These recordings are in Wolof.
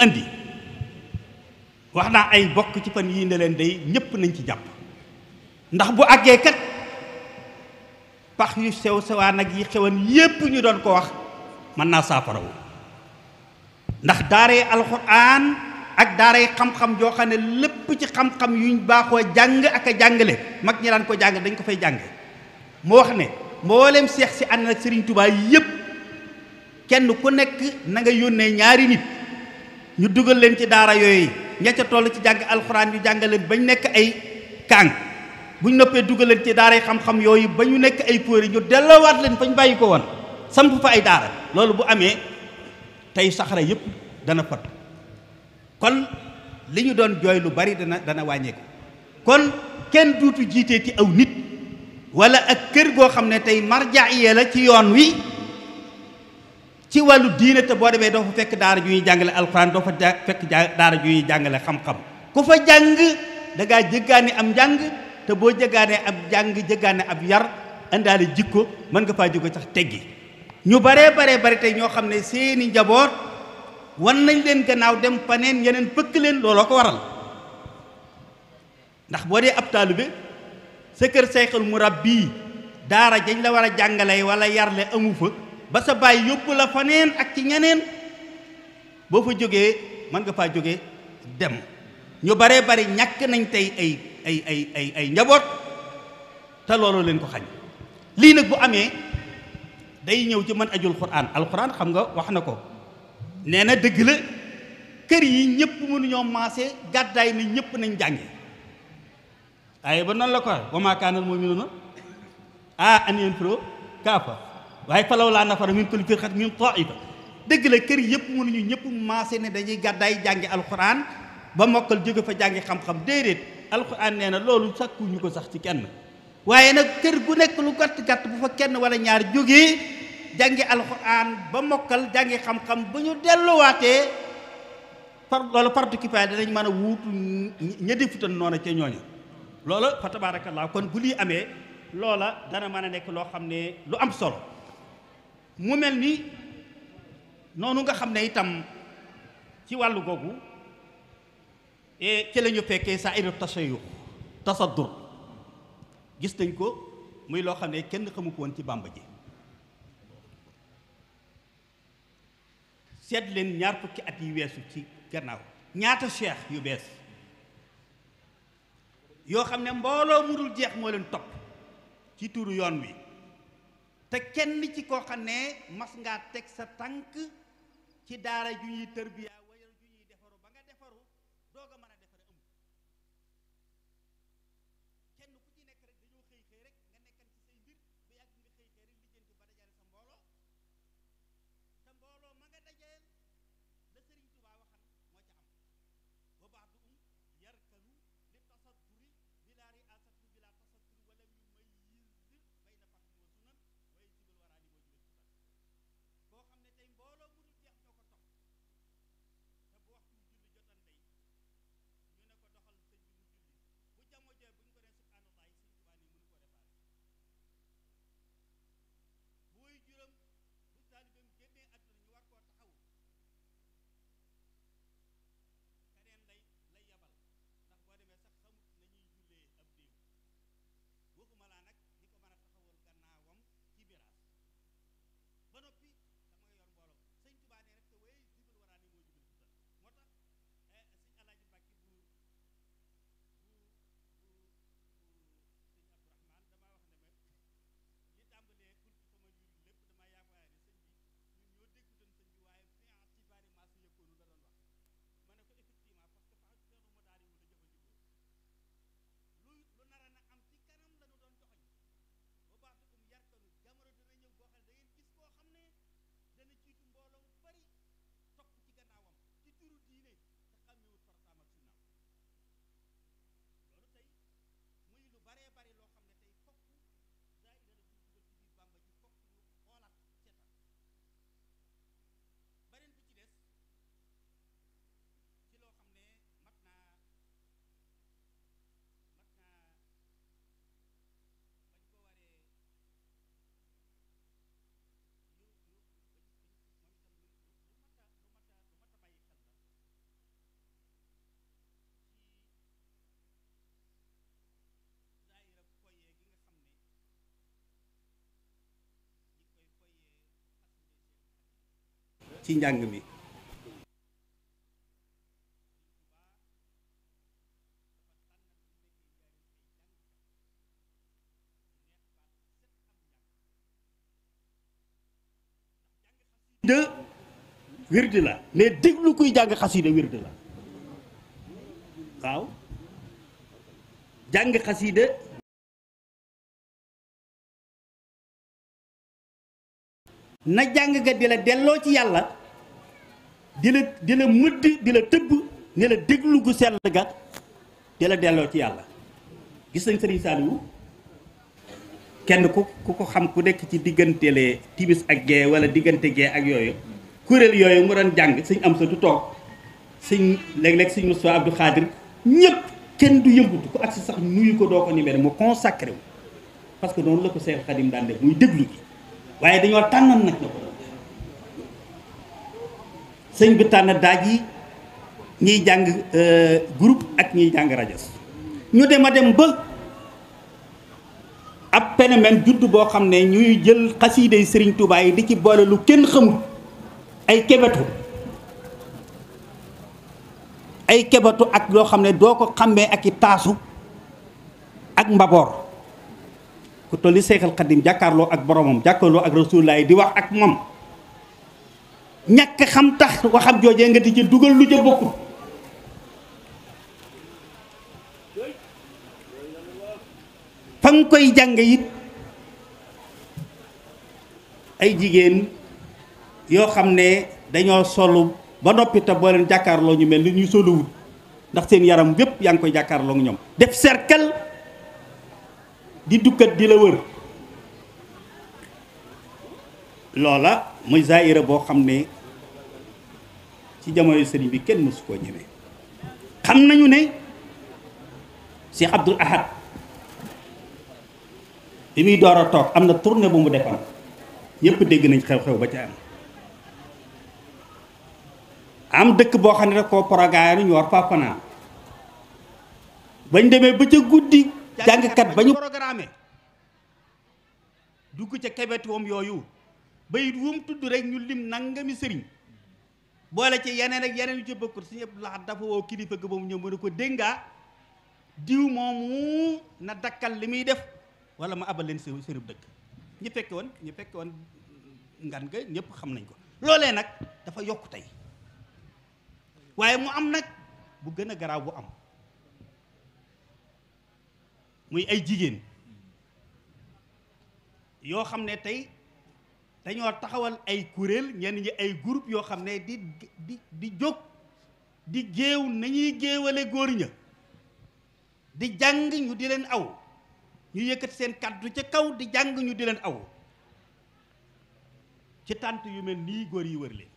andi wax naa ay bokk ci fan yii ne leen day ñëpp nañ ci jàpp ndax bu àggee kat pax yu sew sewaan ak yi xewan yépp ñu doon ko wax mën naa saafarawu ndax daaree alxuraan ak daaray xam-xam joo xam ne lépp ci xam-xam yuñ baaxoo jàng ak a jàngale mag ñi daan ko jàng dañ ko fay jàng moo wax ne mboolem seex si ànd ak Sëriñ Tuubaa yépp kenn ku nekk na nga yónnee ñaari nit ñu dugal leen ci daara yooyu ña ca toll ci jàng alxuraan ñu jàngal leen bañ nekk ay kàng buñ noppee dugal leen ci daaray xam-xam yooyu ba ñu nekk ay póori ñu delloowaat leen fañ bàyyi ko woon samp fa ay daara loolu bu amee tey saxara yëpp dana fot kon li ñu doon jooy lu bari dana dana wàññeeku kon kenn duutu jiitee ci aw nit wala ak kër goo xam ne tey marja yee la ci yoon wi ci wàllu diine te boo demee doo fa fekk daara ju ñuy jàngale alxuraan doo fa fekk daara ju ñuy jàngale xam-xam ku fa jàng dangaa ngaa jëggaane am njàng te boo jëggaanee ab jàng jëggaane ab yar indaale jikko mën nga faa jóge sax teggi ñu baree baree bari tey ñoo xam ne seeni njaboot wan nañ leen gannaaw dem faneen yeneen fëkk leen looloo ko waral ndax boo dee ab bi sa kër sayxul murabbi daara jañ la war a jàngale wala yar le amu fa ba sa baay yóbbu la fa neen ak ci ñeneen boo fa jógee mën nga faa jóge dem ñu baree bari ñàkk nañ tey ay ay ay ay ay njaboot te loolu leen ko xañ lii nag bu amee day ñëw ci man ajul xuraan alxuraan xam nga wax na ko nee na dëgg la kër yi ñëpp mënuñoo maase gàddaay na ñëpp nañ jànge waaye ba noonu la ko wa maa kaanal mu'minuuna ah an yanfiru kaafa waaye falaw laa nafara min kulli firqatin min taifa dëgg la kër yëpp ñu ñëpp maase ne dañuy gàddaay jàngi alxuraan ba mokkal jóge fa jàngi xam-xam déedéet alxuraan nee na loolu ñu ko sax ci kenn waaye nag kër gu nekk lu gàtt gàtt bu fa kenn wala ñaar jógee jàngi alxuraan ba mokkal jàngi xam-xam bu ñu delluwaatee par loolu fardu kifaaya danañ mën a wuutu ña defutan noonu ca ñooñu loolu fa tabaarakallaa kon bu lii amee loola dana mën a nekk loo xam ne lu am solo mu mel ni noonu nga xam ne itam ci wàll googu e ci la ñu fekkee sa iru tasayu tasaddur gis nañ ko muy loo xam ne kenn xamu ci bàmba ji seet leen ñaar fukki at yi weesu ci gannaaw ñaata cheikh yu bees yoo xam ne mbooloo mu dul jeex moo leen topp ci tuuru yoon wi te kenn ci ko xam ne mas nga teg sa tànk ci daara ju ñuy tërbiyaa ci njàng mi de wird la mais déglu kuy jàng xasida wird la waaw jàng xasida na jàngkat bi la delloo ci yàlla di la di la mëdd di la tëbb ne la déglu gu sell ga di la delloo ci yàlla gis nañ sëriñ Saliou kenn ku ku ko xam ku nekk ci diggante lee timis ak gee wala diggante gee ak yooyu kuréel yooyu mu doon jàng suñ am sa du toog suñ léeg-léeg suñ Moussa Abdou Khadir ñëpp kenn du yëngutu ko ak si sax nuyu ko doo ko ni mu consacré wu parce que noonu la ko Seex Xadim daan def muy déglu gi waaye dañoo tànnan nag na sëñ bi tànn daaj yi ñuy jàng euh, groupe ak ñiy jàng rajo ñu dem a dem ba ab phénomène judd boo xam ne ñuy jël xasiiday sëriñ tubaay yi di ci boole lu kenn xamul ay kebetu ay kebetu ak loo xam ne doo ko xàmmee ak i taasu ak mbaboor ku toll ni Seexal Xadim jàkkaarloo ak boromam jàkkaarloo ak Rasulullah di wax ak moom ñàkk xam tax waxam joojee nga di ci dugal lu ca bokkul fa nga koy jàng it ay jigéen yoo xam ne dañoo solu ba noppi te boo leen jàkkaarloo ñu mel ni ñuy soluwut ndax seen yaram yépp yaa ngi koy jàkkaarloo ak ñoom def cercle di dukkat di la wër loola muy zaahira boo xam ne ci jamono sëriñ bi kenn mësu koo ñeme xam nañu ne Cheikh Abdoul Ahad bi muy door a toog am na tournée bu mu defoon ñëpp dégg nañ xew-xew ba ca am am dëkk boo xam ne rek koo porogaayaanu ñu war fa fanaan bañ demee ba ca guddi jàngkat ba ñu programmé dugg ca kebetiwam yooyu bayit wum tudd rek ñu lim nangami sëriñ boole ci yeneen ak yeneen yu ci bokkut suñu yëpp laxat dafa woo kilifa ga ba mu ñëw mu ne ko déngaa diw moomu na dakkal li muy def wala ma abal leen seen seenub dëkk ñu fekke woon ñu fekke woon ngan ga ñëpp xam nañ ko loolee nag dafa yokk tey waaye mu am nag bu gën a garaaw bu am muy ay jigéen yoo xam ne tey dañoo taxawal ay kuréel ñenn ñi ay groupe yoo xam ne di di jóg di géew nañuy géewale góor ña di jàng ñu di leen aw ñu yëkkati seen kàddu ca kaw di jàng ñu di leen aw ci tànt yu mel nii góor yi wër leen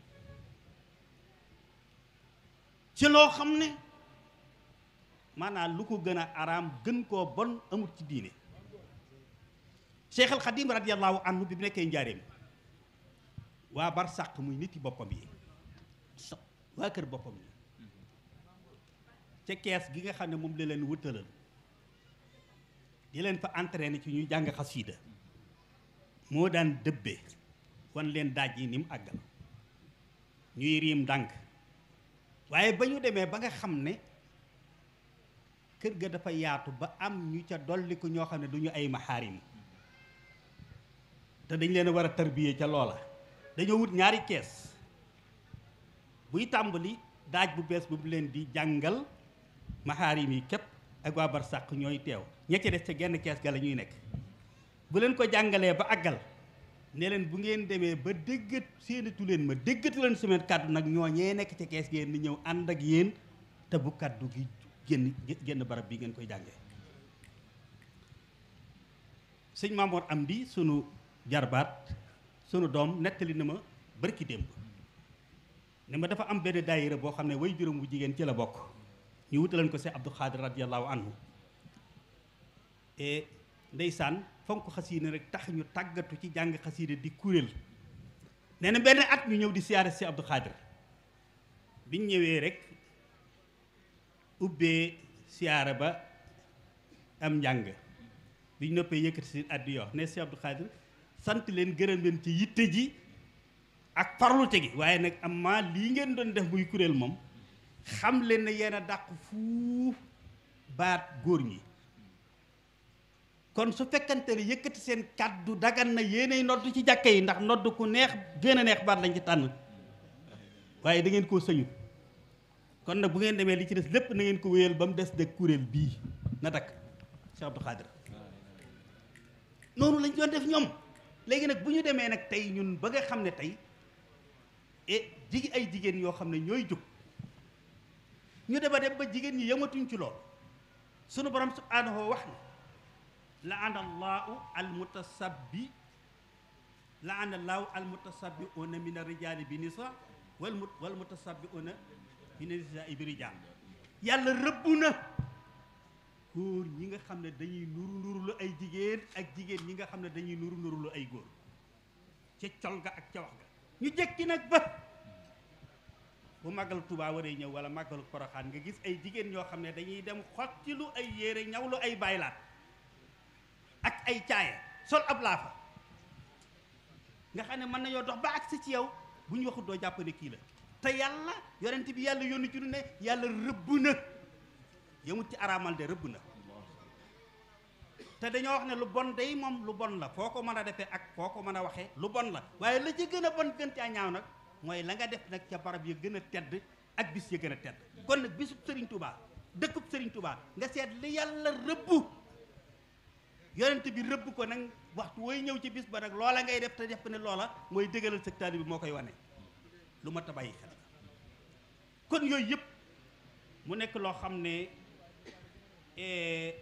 ci loo xam ne maanaam lu ko gën a araam gën koo bon amut ci diine Cheikh al Xadim radiallahu anhu bi mu nekkee njaareem waa bar sàq muy nit boppam yi so waa kër boppam yi ca kees gi nga xam ne moom la leen wëttalal di leen fa entraîné ci ñuy jàng xasiida moo daan dëbbe wan leen daaj yi ni mu àggal ñuy riim ndànk waaye ba ñu demee ba nga xam ne kër ga dafa yaatu ba am ñu ca dolliku ñoo xam ne du ñu ay maxaarim te dañ leen a war a tarbiyee ca loola dañoo wut ñaari kees buy tàmbali daaj bu bees bu mu leen di jàngal maxaarim yi képp ak waa barsàq ñooy teew ña ca des ca genn kees ga la ñuy nekk bu leen ko jàngalee ba àggal ne bu ngeen demee ba déggat séenatu leen ma déggatu leen semaine kàddu nag ñoo ñee nekk ca kees gi di ñëw ànd ak yéen te bu kàddu gi génn génn barab bi ngeen koy jànge sëñ Maamoor am bi sunu jarbaat sunu doom nettali na ma bërki démb ne ma dafa am benn daayira boo xam ne way juróom wu jigéen ci la bokk ñu wutaleen ko si Abdou Xaadir radiallahu anhu e ndeysaan fonk xasiida rek tax ñu tàggatu ci jàng xasiida di kuréel nee na benn at ñu ñëw di siyaare si Abdou Xaadir biñ ñëwee rek ubbee siyaara ba am njàng biñ noppee yëkkati si addi yoo ne si Abdou Khadir sant leen gërëm leen ci yitte ji ak parlute gi waaye nag amaa lii ngeen doon def muy kuréel moom xam leen ne yéen a dàq fuuf baat góor ñi kon su fekkante ne yëkkati seen kàddu dagan na yéenay nodd ci jàkk yi ndax nodd ku neex gën a neex baat lañ ci tànn waaye dangeen ngeen koo sëñu kon nag bu ngeen demee li ci des lépp na ngeen ko wéyal ba mu des de kuréel bii na dakk Cheikh Abdou Khadir noonu lañ doon def ñoom léegi nag bu ñu demee nag tey ñun ba nga xam ne tey e ay jigéen yoo xam ne ñooy jóg ñu deba dem ba jigéen ñi yamatuñ ci lool sunu borom subhaanahu wax ne la ana allahu almutasabbi la ànd allahu almutasabbiuna min arrijaali bi nisa wal mutasabbiuna dina ay ibri jaan yàlla rëbb na góor ñi nga xam ne dañuy nuru nuru lu ay jigéen ak jigéen ñi nga xam ne dañuy nuru nuru lu ay góor ca col ga ak ca wax ga ñu jëkki nag ba bu màggalu Tuubaa ñëw wala màggalu Poroxaan nga gis ay jigéen ñoo xam ne dañuy dem xotti lu ay yére ñaw lu ay baylaat ak ay caaye sol ab laafa nga xam ne mën nañoo dox ba agsi ci yow bu ñu waxut doo jàpp kii la te yàlla yonent bi yàlla yónni ci nu ne yàlla rëbb na yëmut ci araamal de rëbb na te dañoo wax ne lu bon dey moom lu bon la foo ko mën a defee ak foo ko mën a waxee lu bon la waaye la ci gën a bon gën caa ñaaw nag mooy la nga def nag ca barab ya gën a tedd ak bis ya gën a tedd kon nag bisub sëriñ tubaa dëkkub sëriñ tubaa nga seet li yàlla rëbb yonent bi rëbb ko nag waxtu wooy ñëw ci bis ba nag loola ngay def te def ne loola mooy dëggalal sa taalibe bi moo koy wane lu mat a bàyyi xel kon yooyu yëpp mu nekk loo xam ne eh,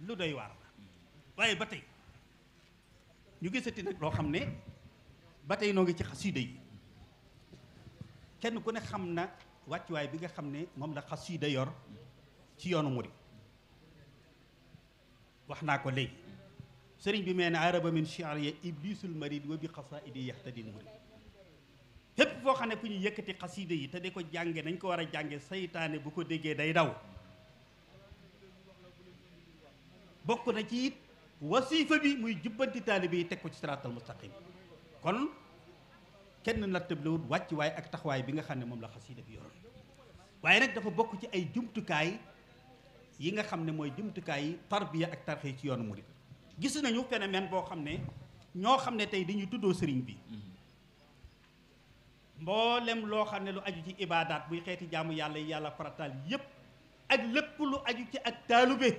lu doy waar la waaye ba tey ñu gisati nag loo xam ne ba tey noo ngi ci xasida yi kenn ku ne xam na wàccuwaay bi nga xam ne moom la xasida yor ci yoonu murid wax naa ko léegi sëriñ bi mee ne araba min shi'ri iblisul marid wa bi xasaidi yahtadil murid foo xam ne fu ñu yëkkati xasiide yi te di ko jànge nañ ko war a jànge saytaane bu ko déggee day daw bokk na ci it wasifa bi muy jubbanti taalibe yi teg ko ci siraatal mustaqim kon kenn nattablewut wàcc waaye ak taxawaay bi nga xam ne moom la xasiida bi yoroon waaye nag dafa bokk ci ay jumtukaay yi nga xam ne mooy jumtukaay tarbiya ak tarxee ci yoonu murid gis nañu phénomène boo xam ne ñoo xam ne tey dañuy tuddoo sëriñ bi mboolem loo xam ne lu aju ci ibaadaat buy xeeti jaamu yàlla yi yàlla farataal yépp ak lépp lu aju ci ak taalube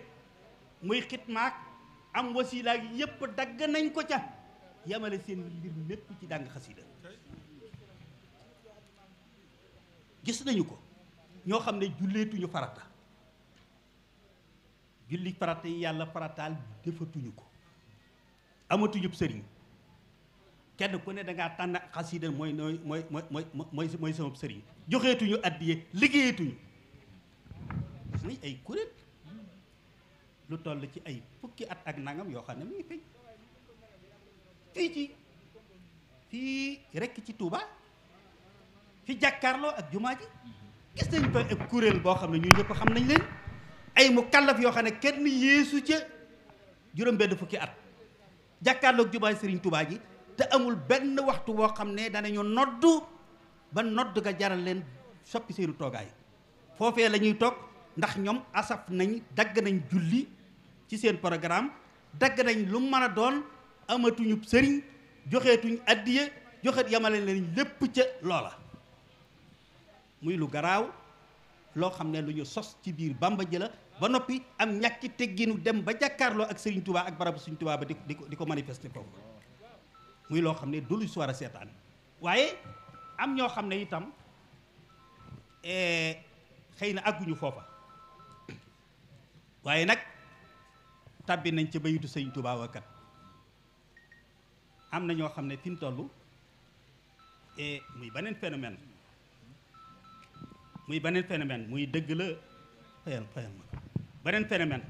muy xitmaak am wasilaak yépp dagg nañ ko ca yamale seen mbir mépp ci dàng xasida gis nañu ko ñoo xam ne julleetuñu farata julli farata yi yàlla farataal defatuñu ko amatuñu sëriñ kenn ku ne da ngaa tànn xasida mooy mooy mooy mooy mooy mooy sama sëriñ joxeetuñu addiye liggéeyatuñu suñu ay kuréel lu toll ci ay fukki at ak nangam yoo xam ne mu ngi feeñ fii ci fii rekk ci Touba fi jàkkaarloo ak jumaa ji gis nañ fa ak kuréel boo xam ne ñu ñëpp xam nañ leen ay mu kàllaf yoo xam ne kenn yeesu ca juróom benn fukki at jàkkaarloo ak jumaa Serigne Touba ji te amul benn waxtu woo xam ne danañu nodd ba nodd ga jaral leen soppi seenu toogaay foofe la ñuy toog ndax ñoom asaf nañ dagg nañ julli ci seen programme dagg nañ lu mën a doon amatuñu sëriñ joxeetuñ addiya joxeet yamale leen lépp ca loola muy lu garaaw loo xam ne lu ñu sos ci biir bamba ji la ba noppi am ñàkki tegginu dem ba jàkkaarloo ak sëriñ Touba ak barabu suñ Touba ba di ko di ko manifester foofu muy loo xam ne du su war a seetaan waaye am ñoo xam ne itam eh, xëy na àgguñu foofa waaye nag tàbbi nañ ci bayitu sëñ Tuubaa wa kat am na ñoo xam ne fi mu toll eh, muy beneen phénomène muy beneen phénomène muy dëgg la fayal fayal ma beneen phénomène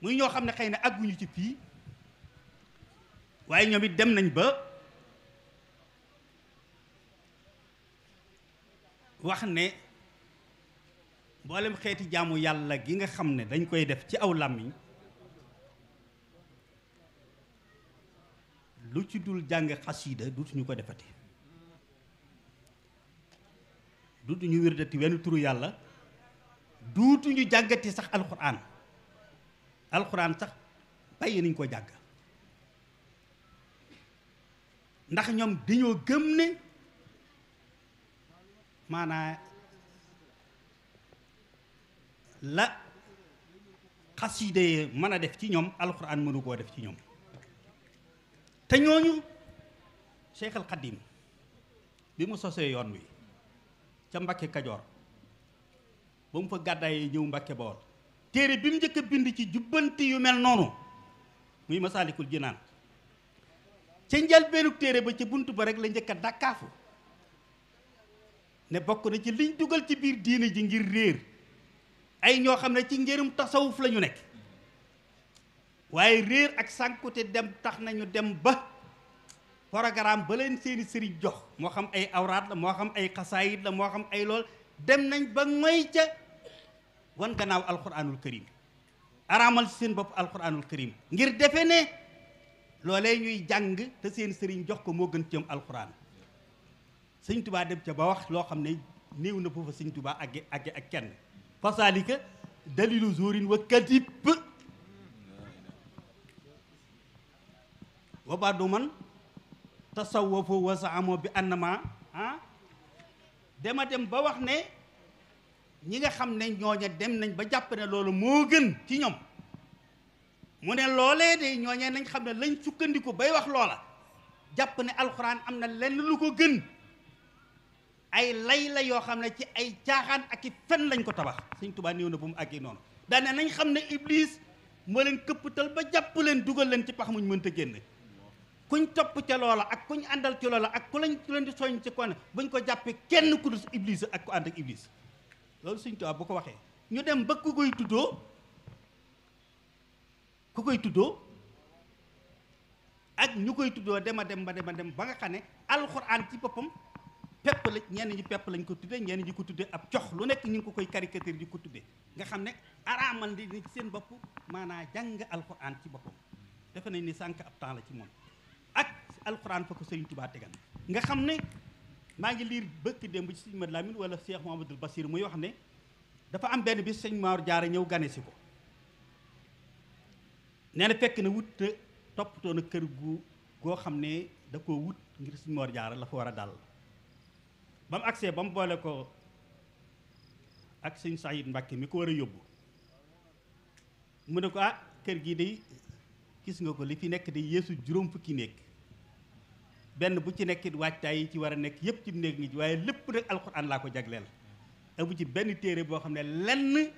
muy ñoo xam ne xëy na àgguñu ci fii waaye ñoom it dem nañ ba wax ne mboolem xeeti jaamu yàlla gi nga xam ne dañ koy def ci aw làmmiñ lu ci dul jàng xasiida dutuñu ko defati dutuñu wirdati wenn turu yàlla ñu jàggate sax alxuraan alxuraan sax bàyyi nañ ko jàng ndax ñoom dañoo gëm ne maanaa la xaside mën a def ci ñoom alxuraan mënu koo def ci ñoom te ñooñu Cheikh al bi mu sosee yoon wi ca Mbakke Kajoor ba mu fa gàddaayee ñëw Mbakke Bawol téere bi mu njëkk bind ci jubbanti yu mel noonu muy masaalikul jinaan ca njëlbeenu téere ba ca bunt ba rek la njëkk a dàkkaafu ne bokk na ci liñ dugal ci biir diine ji ngir réer ay ñoo xam ne ci njërum tasawuf lañu nekk waaye réer ak sànkute dem tax nañu dem ba programme ba leen seeni sëriñ jox moo xam ay awraat la moo xam ay xasaayit la moo xam ay lool dem nañ ba moy ca wan gannaaw alquranul karim araamal seen bopp alquranul karim ngir defe ne loole ñuy jàng te seen sëriñ jox ko moo gën ci ñoom alxuraan sëñ tubaa dem ca ba wax loo xam ne néew na foofa sëñ tubaa agge agge ak kenn fasaalika dalilu zurin wa kadib wa baddu man tasawwafu wa saamoo bi annama ah dema dem ba wax ne ñi nga xam ne ñooña dem nañ ba jàpp loolu moo gën ci ñoom mu ne loolee de ñooñee nañ xam ne lañ sukkandiku bay wax loola jàpp ne alxuraan am na lenn lu ko gën ay lay la yoo xam ne ci ay caaxaan ak i fen lañ ko tabax sëñ Tuubaa néew na bu mu àggee noonu daane nañ xam ne iblis moo leen këpptal ba jàpp leen dugal leen ci pax muñ mënta génn kuñ topp ca loola ak kuñ àndal ci loola ak ku lañ leen di soñ ci kon buñ ko jàppee kenn ku dul iblis ak ku ànd ak iblis loolu sëñ Tuubaa bu ko waxee ñu dem ba ku koy tuddoo ku koy tuddoo ak ñu koy tuddoo dema dem ba dem a dem ba nga xam ne alxuraan ci boppam pepp la ñenn ñi pepp lañ ko tuddee ñenn ñi ko tuddee ab cox lu nekk ñu ngi ko koy caricature di ko tuddee nga xam ne araamal di ci seen bopp maanaa jàng alxuraan ci boppam defe nañ ni sànq ab temps la ci moom ak alxuraan fa ko Sëriñ Tubaa tegal nga xam ne maa ngi liir bëkk démb ci sëñ Mad Lamin wala a Mouhamadoul Basir muy wax ne dafa am benn bi sëñ Maodo Jaara ñëw gane ko nee na fekk na wut te toppatoo na kër gu goo xam ne da ko wut ngir suñ moor la fa war a dal ba mu agsee ba mu boole ko ak sëñ Sayid Mbàkke mi ko war a yóbbu mu ne ko ah kër gi day gis nga ko li fi nekk day yeesu juróom fukki néeg benn bu ci nekkit waajtaay yi ci war a nekk yépp ci néeg ngi waaye lépp nag alxuraan laa ko jagleel amu ci benn téere boo xam ne lenn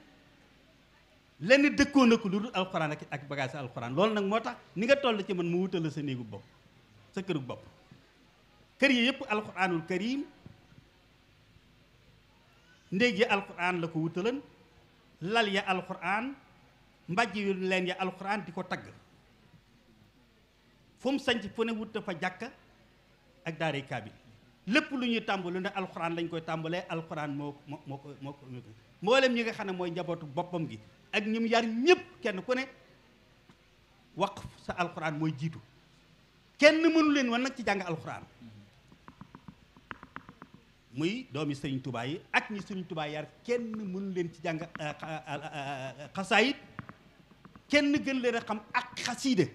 lenn dëkkoon na ko lu dul alxuraan ak ak bagage alxuraan loolu nag moo tax ni nga toll ci man mu wutal la sa néegu bopp sa këru bopp kër yi yëpp alxuraanul karim ndéeg ya alxuraan la ko wutalan lal yi alxuraan mbàjj yu leen ya alxuraan di ko tagg fu mu sanc fu ne wutta fa jàkka ak daaray kaabil lépp lu ñuy tàmbali ne alxuraan lañ koy tàmbalee alxuraan moo moo ko moo ko mboolem ñi nga xam ne mooy njabootu boppam gi ak ñim yar ñëpp kenn ku ne wax sa alxuraan mooy jiitu kenn mënu leen wan nag ci jàng alxuraan muy doomi sëriñ tubaay yi ak ñi sëriñ tubaay yar kenn mënu leen ci jàng euh, euh, euh, xasaayit kenn gën leen a xam ak xasiide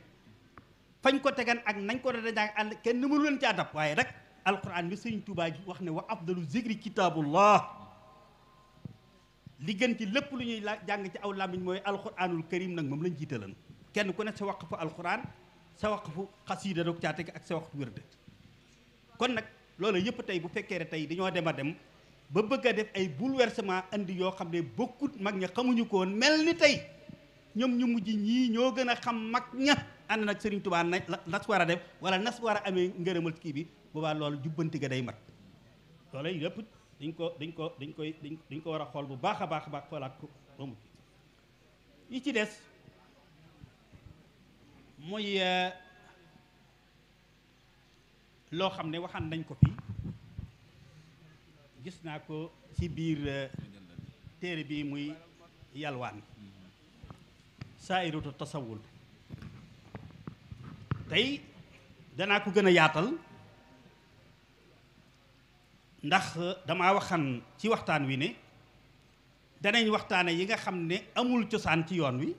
fañ ko tegan ak nañ ko da jàng àll kenn mënu leen ci waaye rek alxuraan bi sëriñ tubaay ji wax ne wa afdalu zikri kitaabullah li gën ci lépp lu ñuy jàng ci aw làmmiñ mooy alxuraanul karim nag moom la lañ jiitalan kenn ku ne sa waqfu alxuraan sa wax waqfu xasiida doog caa teg ak sa waqfu wérde kon nag loolu yëpp tey bu fekkee ne tey dañoo dem a dem ba bëgg a def ay bouleversement indi yoo xam ne bokkut mag ña xamuñu ko mel ni tey ñoom ñu mujj ñii ñoo gën a xam mag ña ànd nag Serigne Touba na nas war a def wala nas war a amee ngërëmal kii bi boobaa loolu jubbanti ga day mat dañ ko dañ ko dañ koy dañ ko war a xool bu baax a baax a baax xoolaat ko romb yi ci des muy euh, loo xam ne waxaan nañ ko fii gis naa ko ci biir euh, téere bii muy yalwaan saairutu tasawul tey danaa ko gën a yaatal ndax euh, dama waxan ci waxtaan wi ne danañ waxtaane yi nga xam ne amul cosaan ci yoon wi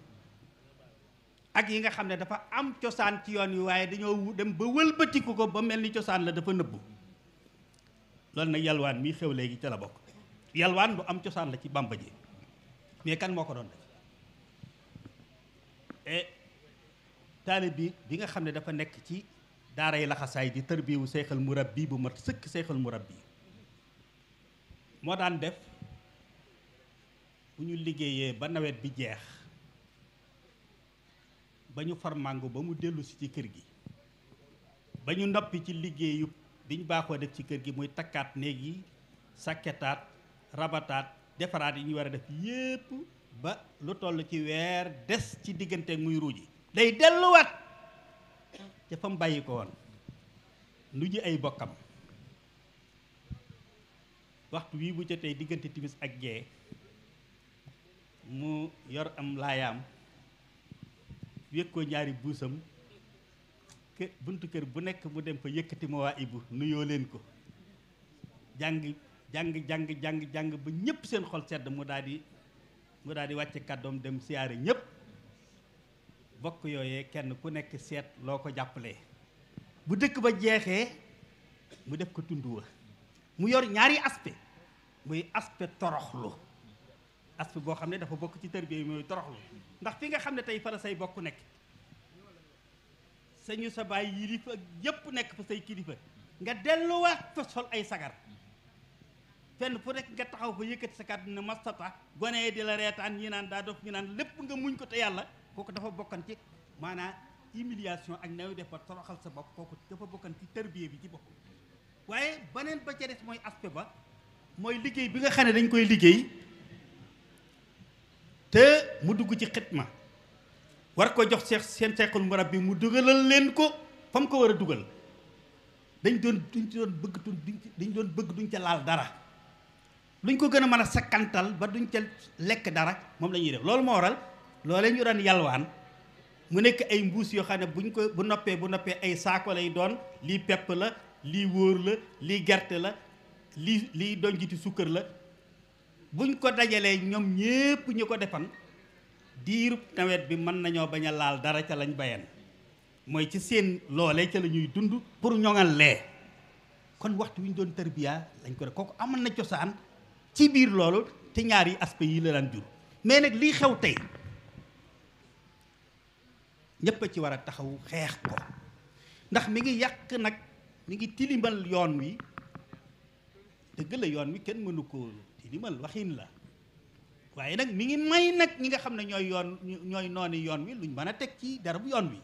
ak yi nga xam ne dafa am cosaan ci yoon wi waaye dañoo dem ba wëlbatiku ko ba mel ni cosaan la dafa nëbbu loolu nag yalwaan mii xew léegi ca la bokk yalwaan bu am cosaan la ci bàmba ji mais kan moo ko doon def e bi bi nga xam ne dafa nekk ci daara yi laxasaay di tërbiwu seexal murabbi bu mat sëkk seexal murabbi moo daan def bu ñu liggéeyee ba nawet bi jeex ba ñu far màngo ba mu dellusi ci kër gi ba ñu noppi ci liggéeyu bi ñu baaxoo def ci kër gi muy takkaat néeg yi sakketaat rabataat defaraat yi ñu war a def yépp ba lu toll ci weer des ci diggante muy ruuji day delluwaat ca fa mu bàyyi ko woon nu ji ay bokkam waxtu wii bu jotee diggante timis ak gee mu yor am laayaam wéeg ko ñaari buusam kë buntu kër bu nekk mu dem fa yëkkati mawaa ibu nuyoo leen ko jàng jàng jàng jàng jàng ba ñépp seen xol sedd mu daal mu daal di wàcce kàddoom dem siyaare ñépp bokk yooyee kenn ku nekk seet loo ko jàppale bu dëkk ba jeexee mu def ko tund wa mu yor ñaari aspect muy aspect toroxlu aspect boo xam ne dafa bokk ci tarbiya yi mooy toroxlu ndax fi nga xam ne tey fa say bokk nekk sañu sa baay yi yilif ak yépp nekk fa say kilifa nga delluwaat fa sol ay sagar fenn fu nekk nga taxaw fa yëkkati sa kàddu ne mastata gone di la reetaan ñi naan daa dof ñi naan lépp nga muñ ko te yàlla kooku dafa bokkan ci maanaam humiliation ak naw def ba toroxal sa bopp kooku dafa bokkan ci tarbiya bi ci bokk waaye beneen ba ca des mooy aspect ba mooy liggéey bi nga xam ne dañ koy liggéey te mu dugg ci ma war ko jox seex seen seexul bi mu dugalal leen ko fa mu ko war a dugal dañ doon duñ ci doon bëgg duñ doon bëgg duñ ca laal dara luñ ko gën a mën a sakkantal ba duñ ca lekk dara moom lañuy ñuy def loolu moo waral loolee ñu daan yalwaan mu nekk ay mbuus yoo xam ne buñ ko bu noppee bu noppee ay saako lay doon lii pepp la lii wóor la lii gerte la li lii donjiti sukkër la buñ ko dajalee ñoom ñépp ñu ko defan diirub nawet bi mën nañoo bañ a laal dara ca lañ bayan mooy ci seen loolee ca la ñuy dund pour ñoŋal lee kon waxtu wi ñu doon tarbiya lañ ko def kooku amoon na cosaan ci biir loolu te ñaari aspect yi la daan jur mais nag lii xew tey ñépp a ci war a taxaw xeex ko ndax mi ngi yàq nag mi ngi tilimal yoon wi dëgg la yoon wi kenn mënu ko tilimal waxin la waaye nag mi ngi may nag ñi nga xam ne ñooy yoon ñooy nooni yoon wi luñ mën a teg ci dara bu yoon wi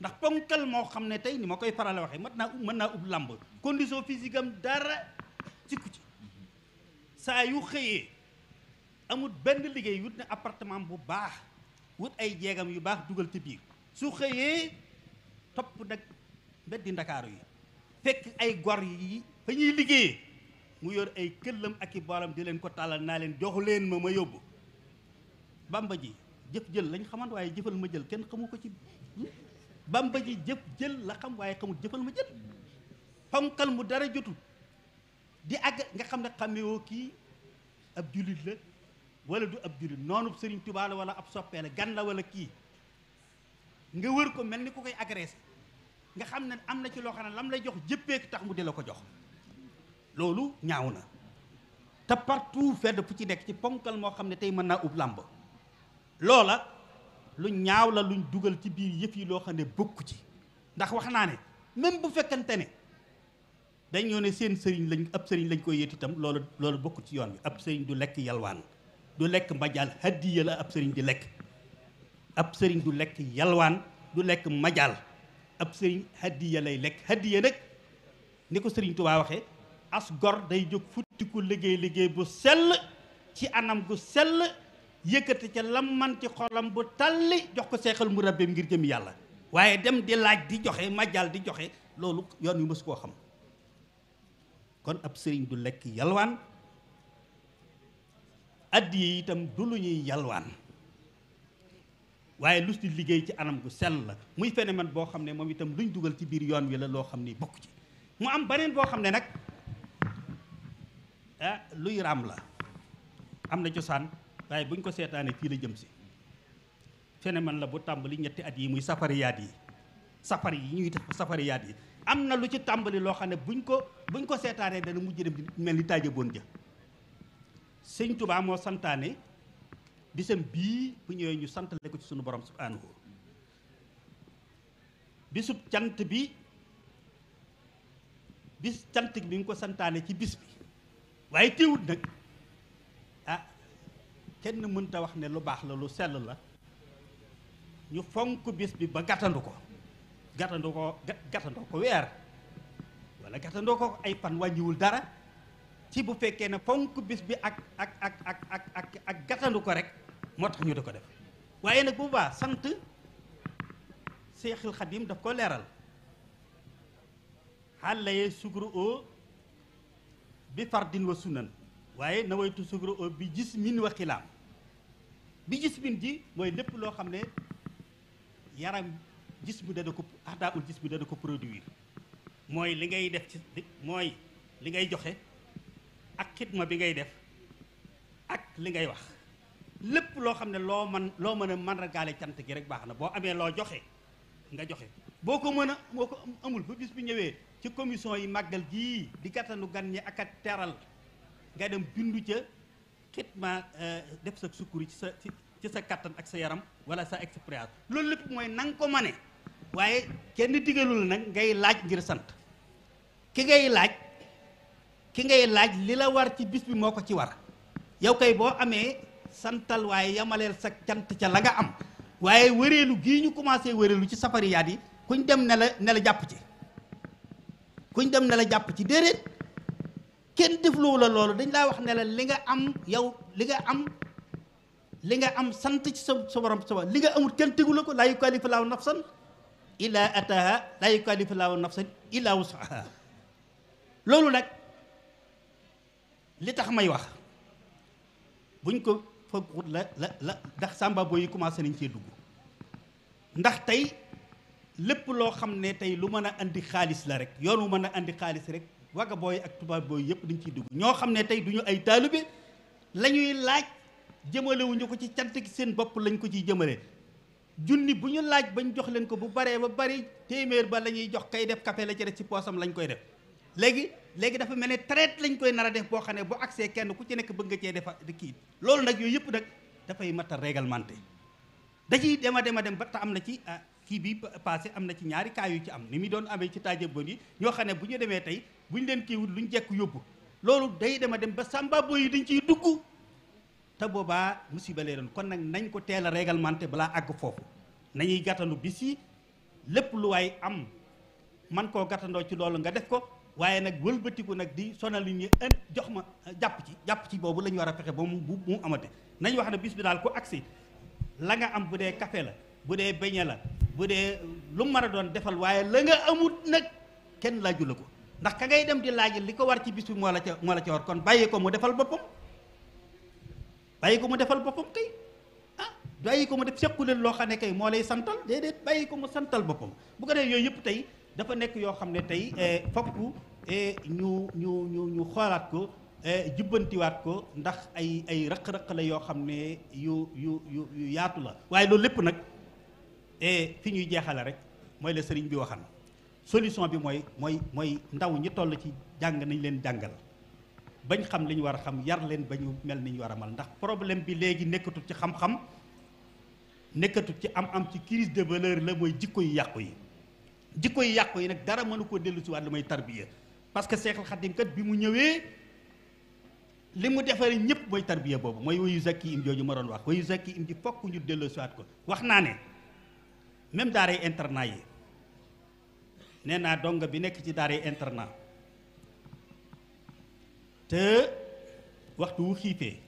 ndax ponkal moo xam ne tey ni ma koy faral waxee mat naa mën naa ub làmb condition physique am dara sikku ci saa yu xëyee amut benn liggéey wut ne appartement bu baax wut ay jeegam yu baax dugal ci biir su xëyee topp nag mbeddi ndakaaru yi fekk ay gor yi fa ñuy liggéeyee mu yor ay këllam ak i booram di leen ko tàllal naa leen jox leen ma ma yóbbu bamba ji jëf jël lañ xamant waaye jëfal ma jël kenn xamu ko ci hmm? bamba ji jëf jël la xam waaye xamul jëfal ma jël ponkal mu dara jotu di àgg nga xam ne xamewoo kii ab jullit la wala du ab jullit noonu sëriñ Tuubaa la wala ab soppee gan la wala kii nga wër ko mel ni ku koy agressé nga xam ne am na ci loo xam ne lam lay jox jëppee tax mu di la ko jox loolu ñaaw na te partout fedd fu ci nekk ci ponkal moo xam ne tey mën naa ub làmb loola lu ñaaw la luñ dugal ci biir yëf yi loo xam ne bokku ci ndax wax naa ne même bu fekkante ne dañoo ne seen sëriñ lañ ab sëriñ lañ koy yéet itam loolu loolu ci yoon bi ab sëriñ du lekk yalwaan du lekk majaal hadiya la ab sëriñ di lekk ab sëriñ du lekk yalwaan du lekk majaal ab sëriñ hadiya lay lekk hadiya nag ni ko sëriñ Tuubaa waxee as gor day jóg futtiku liggéey liggéey bu sell ci anam gu sell yëkkati ca lamanti xolam bu talli jox ko seexal mu rabbeem ngir jëm yàlla waaye dem di laaj di joxe majal di joxe loolu yoon yu mës koo xam kon ab sëriñ du lekk yalwaan addi yi itam du lu ñuy yalwaan waaye lus liggéey ci anam gu sell la muy phénomène boo xam ne moom itam luñ dugal ci biir yoon wi la loo xam ni bokk ci mu am beneen boo xam ne nag Eh, luy raam la am na cosaan waaye buñ ko seetaanee fii la jëm si phénomène la bu tàmbali ñetti at yi muy safariyaat yi safari yi ñuy def safariyaat yi am na lu ci tàmbali loo xam ne buñ ko buñ ko seetaanee dana mujj dem mel ni taaja boon ja sëñ Tuubaa moo santaane bisam bii bu ñëwee ñu santale ko ci sunu borom sub subhaanahu bisub cant bi bis cant bi mu ko santaane ci bis bi waaye teewut nag ah kenn mënta wax ne lu baax la lu sell la ñu fonk bis bi ba gàttandu ko gàttandu ko gàttandoo ko weer wala gàttandoo ko ay fan wàññiwul dara ci bu fekkee ne fonk bis bi ak ak ak ak ak ak ko rek moo tax ñu di ko def waaye nag bu baax sant Seexul Xadim daf ko leeral xàlla yee sukuru oo bi fardin wa sunan waaye nawaytu sukra bi gis min wa xilaam bi gis min ji mooy lépp loo xam ne yaram gis mu dana ko ataa ul jis mu dana ko produire mooy li ngay def ci mooy li ngay joxe ak xidma bi ngay def ak li ngay wax lépp loo xam ne loo mën loo mën a manragaale cant gi rek baax na boo amee loo joxe nga joxe boo ko mën a moo ko amul ba bis bu ñëwee ci commission yi màggal gii di gàttanu gan ñi ak a teral nga dem bindu ca xitma euh, def sa sukkuri ci sa ci sa kattan ak sa yaram wala sa expérience loolu lépp mooy na nga ko mane waaye kenn digalul nag ngay laaj ngir sant ki ngay laaj ki ngay laaj li la war ci bis bi moo ko ci war yow kay boo amee santal waaye yamaleel sa cant ca la nga am waaye wéreelu gii ñu commencé wëreelu ci safariyaat yi kuñ dem ne la jàpp ci kuñ dem ne jàpp ci déedéet kenn defluwu la loolu dañ laa wax nela li nga am yow li nga am li nga am sant ci sa sa borom li nga amul kenn tegu la ko laa yukallifu laahu nafsan illaa ataaha laa yukallifu laahu nafsan illaa wusaha loolu nag li tax may wax buñ ko fëggut la la la ndax sàmba yi commencé nañ cee dugg ndax tey lépp loo xam ne tey lu mën a indi xaalis la rek yoon wu mën a indi xaalis rek wagga booy ak tubaab booy yëpp dañ ciy dugg ñoo xam ne tey duñu ay taalibe la ñuy laaj jëmalewuñu ko ci cant gi seen bopp lañ ko ciy jëmale junni bu ñu laaj ba ñu jox leen ko bu baree ba bari téeméer ba la ñuy jox kay def café la ci rek ci poosam lañ koy def léegi léegi dafa mel ne traite lañ koy nar a def boo xam ne bu accès kenn ku ci nekk bëgg nga cee defa kii loolu nag yooyu yëpp nag dafay mat a réglementé da ciy am na ci ah, kii bi passé am na ci ñaari cas yu ci am ni muy doon amee ci taaje bon yi ñoo xam ne bu ñu demee tey bu ñu leen kiiwut lu ñu jekk yóbbu loolu day dem a dem ba samba boy yi dañ ciy dugg te boobaa musiba lay doon kon nag nañ ko teel a réglementé balaa àgg foofu nañuy gàttandu bis yi lépp lu waaye am man koo gàttandoo ci loolu nga def ko waaye nag wëlbatiku nag di sonal nit ñi ënd jox ma jàpp ci jàpp ci boobu la ñu war a fexe ba mu bu mu amate nañ wax ne bis bi daal ko la nga am bu dee café la bu dee beñe la bu dee lu mën a doon defal waaye la nga amut nag kenn laaju la ko ndax ka ngay dem di laaj li ko war ci bis bi moo la ca moo la ca war kon bàyyi ko mu defal boppam bàyyi ko mu defal boppam kay ah bàyyi ko mu def sekkuleen loo xam ne kay moo lay santal déedéet bàyyi ko mu santal boppam bu ko dee yooyu yëpp tey dafa nekk yoo xam ne tey eh, fokk eh, ñu ñu ñu ñu xoolaat ko eh, jubbantiwaat ko ndax ay ay rëq-rëq la yoo xam ne yu yu yu yaatu la waaye loolu lépp nag et fi ñuy jeexale rek mooy la sëriñ bi waxan solution bi mooy mooy mooy ndaw ñi toll ci jàng nañ leen jàngal bañ xam li war a xam yar leen ba ñu mel ni ñu war a mal ndax problème bi léegi nekkatul ci xam-xam nekkatul ci am-am ci crise de valeur la mooy jikko yu yàqu yi jikko yu yàqu yi nag dara mënu koo dellu si waat lu may tarbiya parce que Seexul Xadim kat bi mu ñëwee li mu defaree ñëpp mooy tarbiya boobu mooy wayu zakki im jooju ma doon wax wayu zakki im ji ñu dellu si ko wax naa ne. même daaray internat yi nee naa donga bi nekk ci daaray internat te waxtu wu xiifee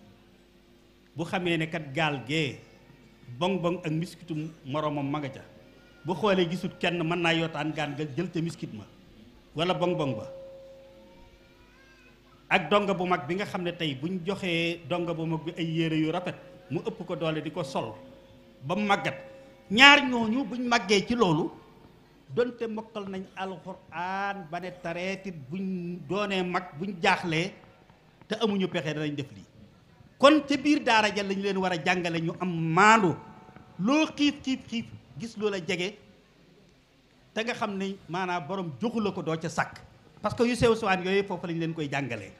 bu xamee ne kat gaal gee bong bong ak miskitu moroomam maga ca bu xoolee gisul kenn mën naa yootaan gaan nga jël te miskit ma wala bong bong ba ak donga bu mag bi nga xam ne tey buñ joxee donga bu mag bi ay yére yu rafet mu ëpp ko doole di ko sol ba mu màggat ñaar ñooñu buñ màggee ci loolu donte mokkal nañ alxuraan ba ne tareetit buñ doonee mag buñ jaaxlee te amuñu pexe danañ def lii kon ca biir daara ja lañ leen war a jàngale ñu am maandu loo xiif xiif xiif gis loo la jege te nga xam ne maanaa borom joxu la ko doo ca sàkk parce que yu sew sewaan yooyu foofu lañ leen koy jàngale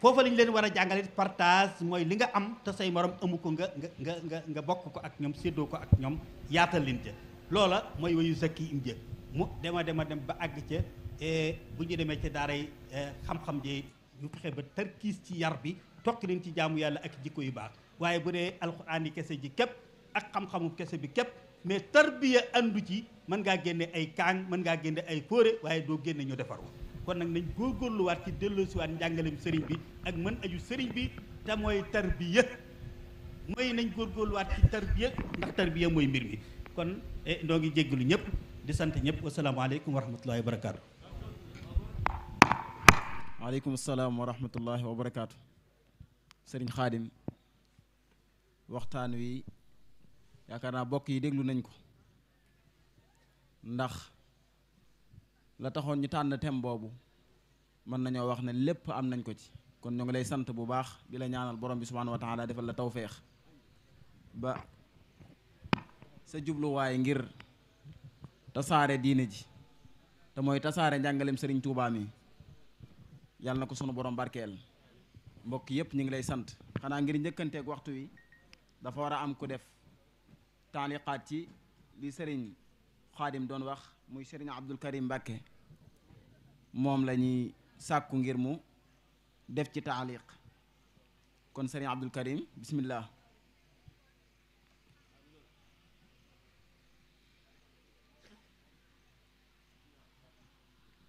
foofa la leen war a jàngalit partage mooy li nga am te say morom amu ko nga nga nga nga nga bokk ko ak ñoom séddoo ko ak ñoom yaatal leen ca loola mooy wayu zakki im jë mu dema dema dem ba àgg ca e, bu ñu demee ca daaray e, xam-xam ji ñu fexe ba tarkiis ci yar bi tokki leen ci jaamu yàlla ak jikko yu baax waaye bu dee alxuraan kese ji képp ak xam-xamu kese bi képp mais tarbiya andu ci mën ngaa génne ay kaañ mën ngaa génne ay fóore waaye doo génne ñu defaru kon nag nañ góorgóorluwaat ci delloosiwaat njàngaleem sëriñ bi ak mën aju sëriñ bi te mooy tarbiya mooy nañ góorgóorluwaat ci tarbiya ndax tarbiya mooy mbir mi kon e, ndoo ngi jéggalu ñëpp di sant ñëpp wasalaamaaleykum wa rahmatullahi wa barakaatu waaleykum sëriñ xaadim waxtaan wi yaakaar naa bokk yi déglu nañ ko ndax la taxoon ñu tànn thème boobu mën nañoo wax ne lépp am nañ ko ci kon ñu ngi lay sant bu baax di la ñaanal borom bi subhaanahu wa taala defal la tawféex ba sa jubluwaay ngir tasaare diine ji te mooy tasaare njàngaleem sëriñ Touba yi yàlla na ko sunu borom barkeel mbokk yëpp ñu ngi lay sant xanaa ngir njëkkanteeg waxtu wi dafa war a am ku def taaliqaat ci li sëriñ xaadim doon wax muy Serigne Abdul Karim Mbàkke moom la ñuy sàkku ngir mu def ci taaliq kon Serigne Abdul Karim bismillah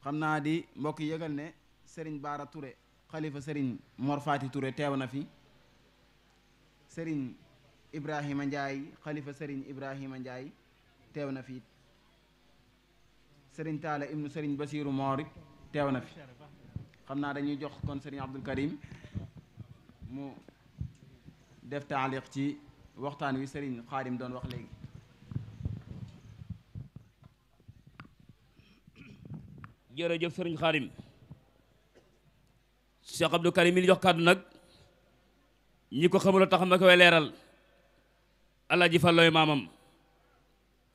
xam naa di mbokk yëgal ne Serigne Baara Touré xalifa Serigne Mor Fati Touré teew na fi Serigne Ibrahima Ndiaye xalifa Serigne Ibrahima Ndiaye teew na fi sëriñ taala ibnu sëriñ basiiru moor it teew na fi xam naa dañuy jox kon sëriñ abdul karim mu def taaliq ci waxtaan wi sëriñ xaadim doon wax léegi jërëjëf sëriñ xaadim Cheikh Abdou Karim mi jox kàddu nag ñi ko xamul tax ma koy leeral Alaaji Falloy maamam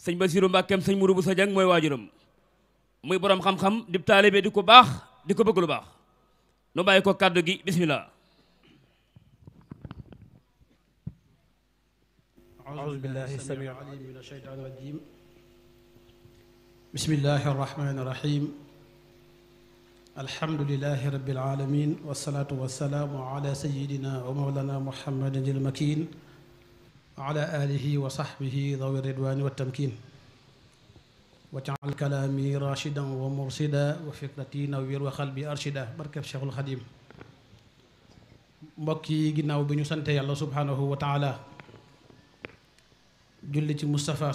sëñ Basiiru Mbàkkeem sëñ Muru bu sa jàng mooy waajuram muy boroom xam-xam di taalibe di ko baax di ko bëgg lu baax nu bàyyi ko kàddu gi bismillah أعوذ بالله السميع العليم من الشيطان الرجيم بسم الله الرحمن الرحيم الحمد لله رب العالمين والصلاة والسلام على سيدنا ومولانا محمد المكين وعلى آله وصحبه ذوي الرضوان والتمكين wajal kalaami rashidan wa mursida wa fikrati nawwir wa xalbi arshida barkeb Cheikhul Xadim mbokk yi ginnaaw bi ñu sante yàlla subhaanahu wa taala julli ci Moustapha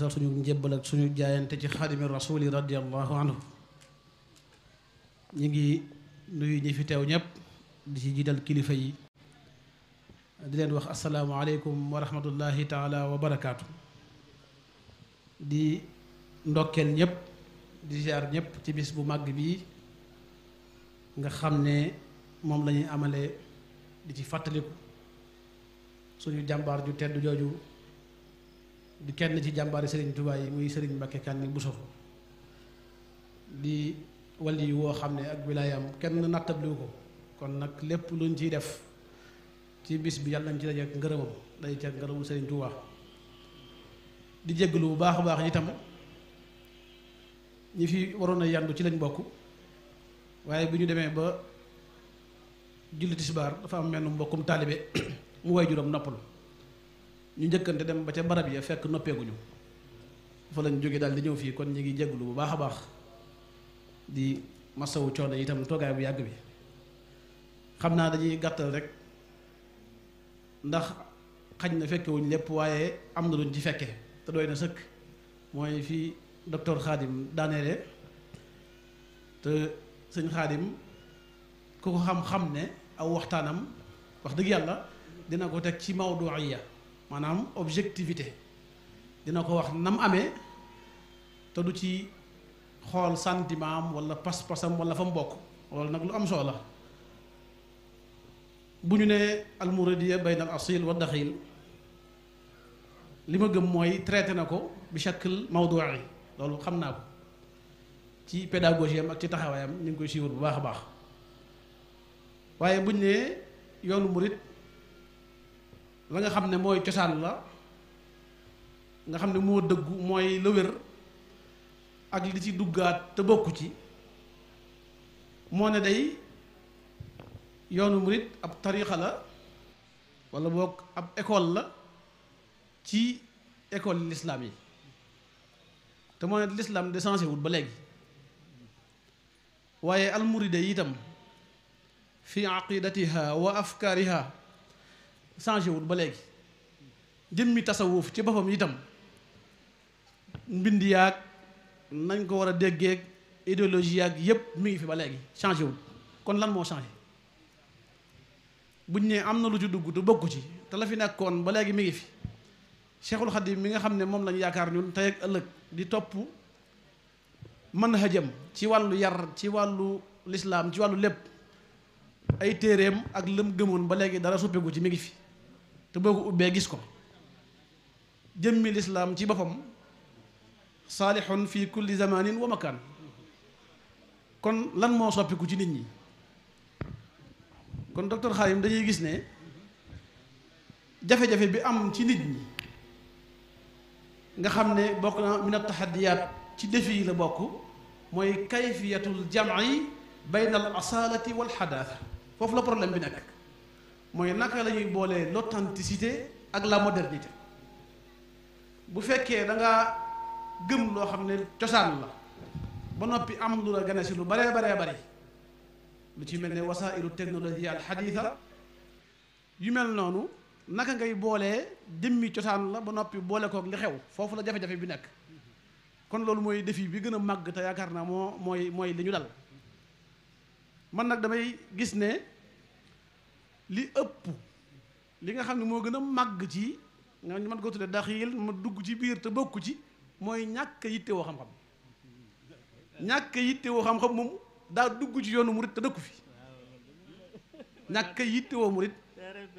suñu njëbbal suñu jaayante ci xaadimi rasuli radiallahu anhu ñu ngi nuyu ñi fi teew ñëpp di ci jiital kilifa yi di leen wax asalaamualeykum wa rahmatullahi taala wa barakaatu di ndokkeel ñépp di ziar ñépp ci bis bu màgg bii nga xam ne moom lañuy amale di ci fàttaliku suñu jàmbaar ju tedd jooju di kenn ci jàmbaari sëriñ Touba yi muy Serigne Mbacké bu Bousso di wàll yi woo xam ne ak wilaayam kenn nattabliwu ko kon nag lépp luñ ciy def ci bis bi yàlla nañ ci daje ak ngërëmam daje ci ak ngërëmul Sëriñ Tuubaa di jégalu bu baax a baax yi itam ñi fi waroon a yandu ci lañ bokk waaye bi ñu demee ba julli tisbaar dafa am mel menn mbokkum taalibe mu way juróom noppalu ñu njëkkante dem ba ca barab ya fekk noppeeguñu fa lañ jóge daal di ñëw fii kon ñu ngi jégalu bu baax a baax di masawu coono itam toogaay bu yàgg bi xam naa dañuy gàttal rek. ndax xañ na fekke wuñ lépp waaye am na luñ ci fekke te doy na sëkk mooy fi docteur Khadim daaneele te sëñ Khadim ku ko xam-xam ne aw waxtaanam wax dëgg yàlla dina ko teg ci mawduiya maanaam objectivité dina ko wax nam amee te du ci xool sentiment am wala pas-pasam wala fa mu bokk loolu nag lu am solo bu ñu nee almouradiya bayna al asil wa daxil li ma gëm mooy traité na ko bi shakl mawdu'i loolu xam naa ko ci pédagogie ak ci taxawaayam ñu ngi koy suivre bu baax a baax waaye bu ñu nee yoonu murit la nga xam ne mooy cosaan la nga xam ne moo dëggu mooy la wér ak li ci duggaat te bokku ci moo ne day yoonu murit ab tariixa la wala boog ab école la ci école yi lislaam yi te moo ne lislaam de changé ba léegi waaye almuride yi itam fi aqidatiha wa afkaariha changé wut ba léegi jëmmi tasawuf ci boppam itam mbind yaag nañ ko war a déggeeg idéologie yaag yépp mi ngi fi ba léegi changé wut kon lan moo changé buñ ne am na lu ci dugg du bokk ci te la fi nekkoon ba léegi mi ngi fi Cheikhul Khadim mi nga xam ne moom lañ yaakaar ñun tey ak ëllëg di topp mën manhajam ci wàllu yar ci wàllu lislaam ci wàllu lépp ay téeréem ak lëm gëmoon ba léegi dara soppeeku ci mi ngi fi te boo ko ubbee gis ko jëmmi lislaam ci boppam saalihun fi kulli zamanin wa makan kon lan moo soppeeku ci nit ñi kon docteur Xaadim dañuy gis ne jafe-jafe bi am ci nit ñi nga xam ne bokk na min a taxadiyaat ci défi yi la bokk mooy kayfiyatul jam'i bayna al asalati wal xadaasa foofu la problème bi nekk mooy naka lañuy boolee l'authenticité ak la modernité bu fekkee da nga gëm loo xam ne cosaan la ba noppi am lu la gane si lu baree baree bari lu ci mel ne wasailu technologie al xadiisa yu mel noonu naka ngay boolee jëmmi cosaan la ba noppi boole kook li xew foofu la jafe-jafe bi nekk kon loolu mooy défi bi gën a màgg te yaakaar naa moo mooy mooy li dal man nag damay gis ne li ëpp nga xam ne moo gën a màgg ci nga man ko tudde daxiil ma dugg ci biir te bokk ci mooy ñàkk yitte woo xam-xam ñàkk yitte woo xam-xam moom daa dugg ci yoonu murit te dëkku fi ñàkk a yittewoo murit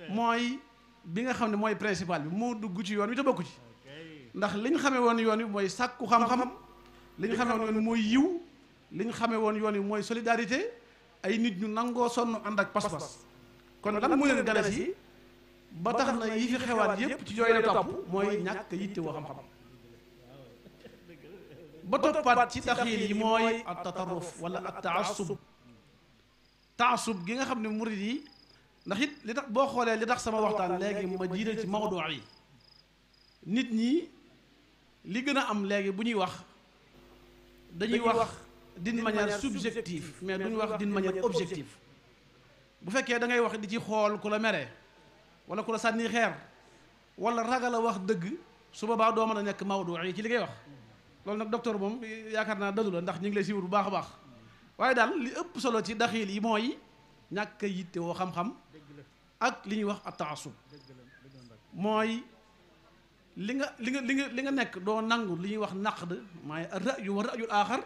mooy bi nga xam ne mooy principal bi moo dugg ci yoon wi te bokku ci ndax li ñu xamee woon yoon wi mooy sàkku xam-xam li ñu xamee woon yoon wi mooy yiw li ñu xamee woon yoon wi mooy solidarité ay nit ñu nangoo sonn ànd ak pas-pas kon lan mu leen garas yi ba tax na yi fi xewaat yépp ci yooyu la topp mooy ñàkk yittewoo xam-xam ba toppaat ci daxiil yi mooy at tatarruf wala at taasub taasub gi nga xam ne murid yi ndax it li tax boo xoolee li tax sama waxtaan léegi ma jiital ci mawdu yi nit ñi li gën a am léegi bu ñuy wax dañuy wax d'une manière subjective mais duñu wax din manière objective bu fekkee da ngay wax di ci xool ku la mere wala ku la sànni xeer wala ragal a wax dëgg su boobaa doo mën a nekk mawdu yi ci li ngay wax loolu nag docteur moom yaakaar naa dadu la ndax ñu ngi lay siiwul bu baax a baax waaye daal li ëpp solo ci daxiil yi mooy ñàkk a yitte woo xam-xam ak li ñuy wax ab ataasub mooy li nga li nga li nga li nga nekk doo nangu li ñuy wax naqd maay ra'yu wa ra'yul aaxar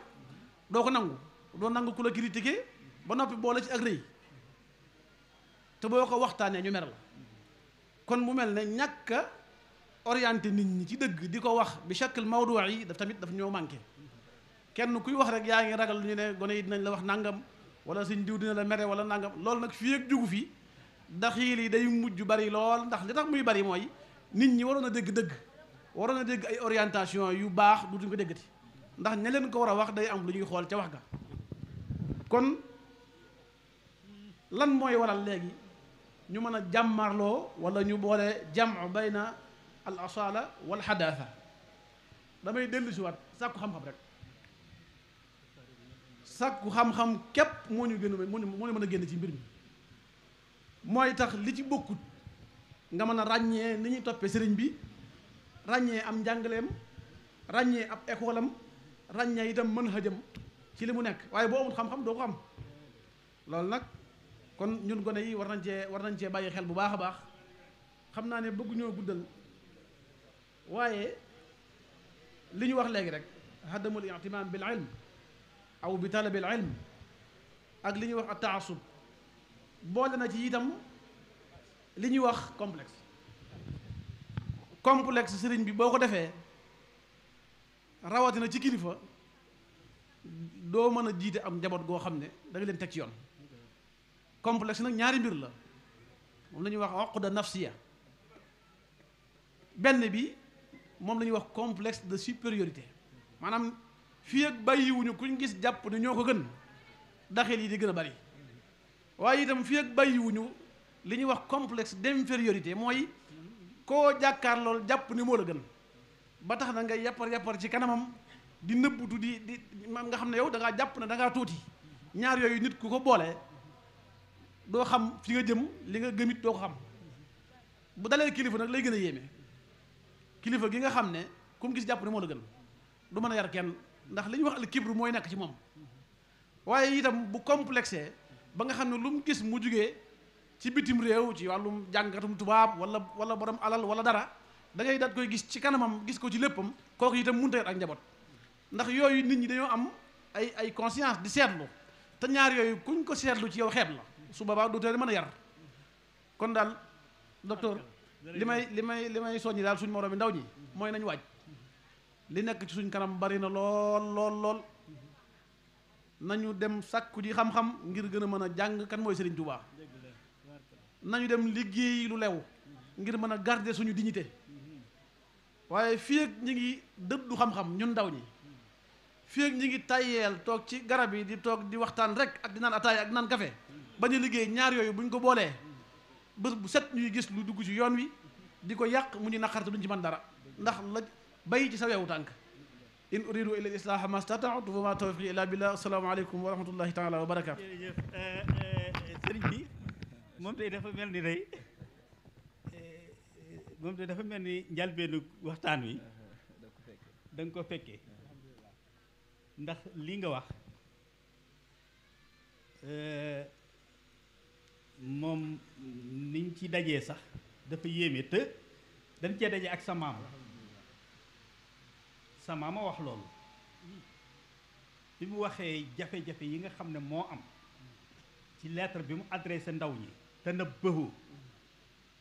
doo ko nangu doo nangu ku la critiqué ba noppi boole ci ak rëy te boo ko waxtaanee ñu mer kon mu mel ne ñàkk orienté nit ñi ci dëgg di ko wax bi shakl mawduu yi daf tamit daf ñoo manqué kenn kuy wax rek yaa ngi ragal lu ñu ne gone yi dinañ la wax nangam wala sëñ diw dina la mere wala nangam loolu nag fii ak jugu fi daxiil yi day mujj bari lool ndax li tax muy bari mooy nit ñi waroon a dégg dëgg waroon a dégg ay orientation yu baax dutuñ ko déggati ndax ña leen ko war a wax day am lu ñuy xool ca wax ga kon lan mooy waral léegi ñu mën a jàmmarloo wala ñu boole jam bayna al asala wal xadaasa damay dellu si waat sàkku xam-xam rek sàkku xam-xam képp moo ñu gën a moo ñu mën a génn ci mbir mi mooy tax li ci bokkut nga mën a ràññee ni ñuy toppee sëriñ bi ràññee am njàngaleem ràññee ab école ràññee yi itam mën xëjam ci li mu nekk waaye boo amul xam-xam doo ko am loolu nag kon ñun gone yi war nañ cee war nañ cee bàyyi xel bu baax a baax xam naa ne bëgguñoo guddal waaye li ñu wax léegi rek hadamul ictimaam bil ilm aw bi ak li ñuy wax ak taasub boole na ci itam li ñuy wax complexe complexe sëriñ bi boo ko defee rawatina ci kilifa doo mën a jiite am njaboot goo xam ne da leen teg ci yoon complexe nag ñaari mbir la moom la ñuy wax oqda nafsiya benn bi moom la ñuy wax complexe de supériorité maanaam fii ak bàyyiwuñu kuñ gis jàpp ne ñoo ko gën daxel yi di gën a bari waaye itam fii ak bàyyiwuñu li ñuy wax complexe d'infériorité mooy koo jàkkaar lool jàpp ni moo la gën ba tax na ngay yàppar yàppar ci kanamam di nëbbutu di di nga xam ne yow da ngaa jàpp ne dangaa tuuti ñaar yooyu nit ku ko boole doo xam fi nga jëm li nga gëmit doo ko xam bu dalee kilifa nag lay gën a yéeme kilifa gi nga xam ne ku mu gis jàpp ne moo la gën du mën a yar kenn ndax li ñuy wax al kibru mooy nekk ci moom waaye itam bu complexé ba nga xam ne lu mu gis mu jugee ci bitim réew ci wàllum jàngatum tubaab wala wala borom alal wala dara dangay dal daat koy gis ci kanamam gis ko ci léppam kooku itam mënut a yar ak njaboot ndax yooyu nit ñi dañoo am ay ay conscience di seetlu te ñaar yooyu kuñ ko seetlu ci yow xeeb la su du te mën a yar kon daal li may li may li may soññi daal suñ moroom ndaw ñi mooy nañu waaj li nekk ci suñ kanam bari na lool lool lool nañu dem sàkku ji xam-xam ngir gën a mën a jàng kan mooy Serigne Touba nañu dem liggéey lu lew ngir mën a garder suñu dignité waaye fii ak ñi ngi dëddu xam-xam ñun ndaw ñi fii ak ñi ngi tayyeel toog ci garab yi di toog di waxtaan rek ak di naan ataay ak naan kafe bañ a liggéey ñaar yooyu buñ ko boolee bés bu set ñuy gis lu dugg ci yoon wi di ko yàq mu ñu naqarte duñ ci man dara ndax la bay ci sa weewu tànk in uridu illa islaaha ma stataatu wa ma tawfiqi illa billah assalaamu aleykum wa rahmatullahi taala wa barakaatu jërëjëf euh, euh, euh, sëriñ mel ni day dafa mel ni njalbeenu waxtaan wi da nga ko fekkee ndax lii nga wax moom niñ ci dajee sax dafa yéeme te dañ cee daje ak sa maam sa maam a wax loolu bi mu waxee jafe-jafe yi nga xam ne moo am ci lettre bi mu adressé ndaw ñi te nabbahu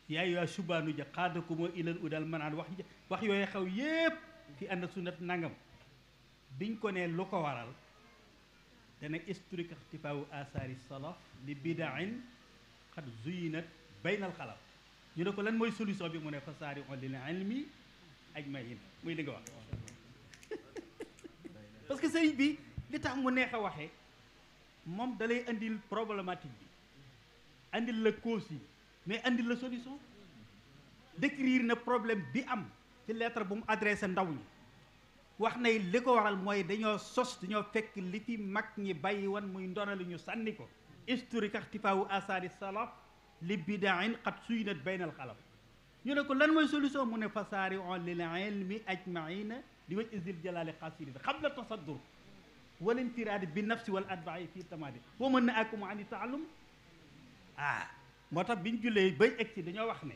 yaa yaa subaanu ja xaadakumoo ilal udal manaan wax wax yooyu xaw yépp fi ànd sunat nangam biñ ko ne lu ko waral dana istriqtifaawu asaari salaf li bidain xat zuyinat baynal xalaf ñu ne ko lan mooy solution bi mu ne fasaari on lil ilmi ajmahin muy li nga wax parce que sëriñ bi li tax mu neex a waxee moom dalay andil problématique bi andil la cause yi mais andil la solution décrire na problème bi am ci lettre bu mu adressé ndaw ñi wax na li ko waral mooy dañoo sos dañoo fekk li fi mag ñi bàyyi wan muy ndona li ñu sànni ko historique axtifaawu asaari salaf li bidain xat suynat baynal xalaf ñu ne ko lan mooy solution mu ne fasaari on lil ilmi ajmaina li waj isil jalaali xasiri xabla tasaddur wal intiraadi bi nafsi wal adbai fii tamaadi wa mën na akum ani taalum ah moo tax bi ñu jullee bay egg si dañoo wax ne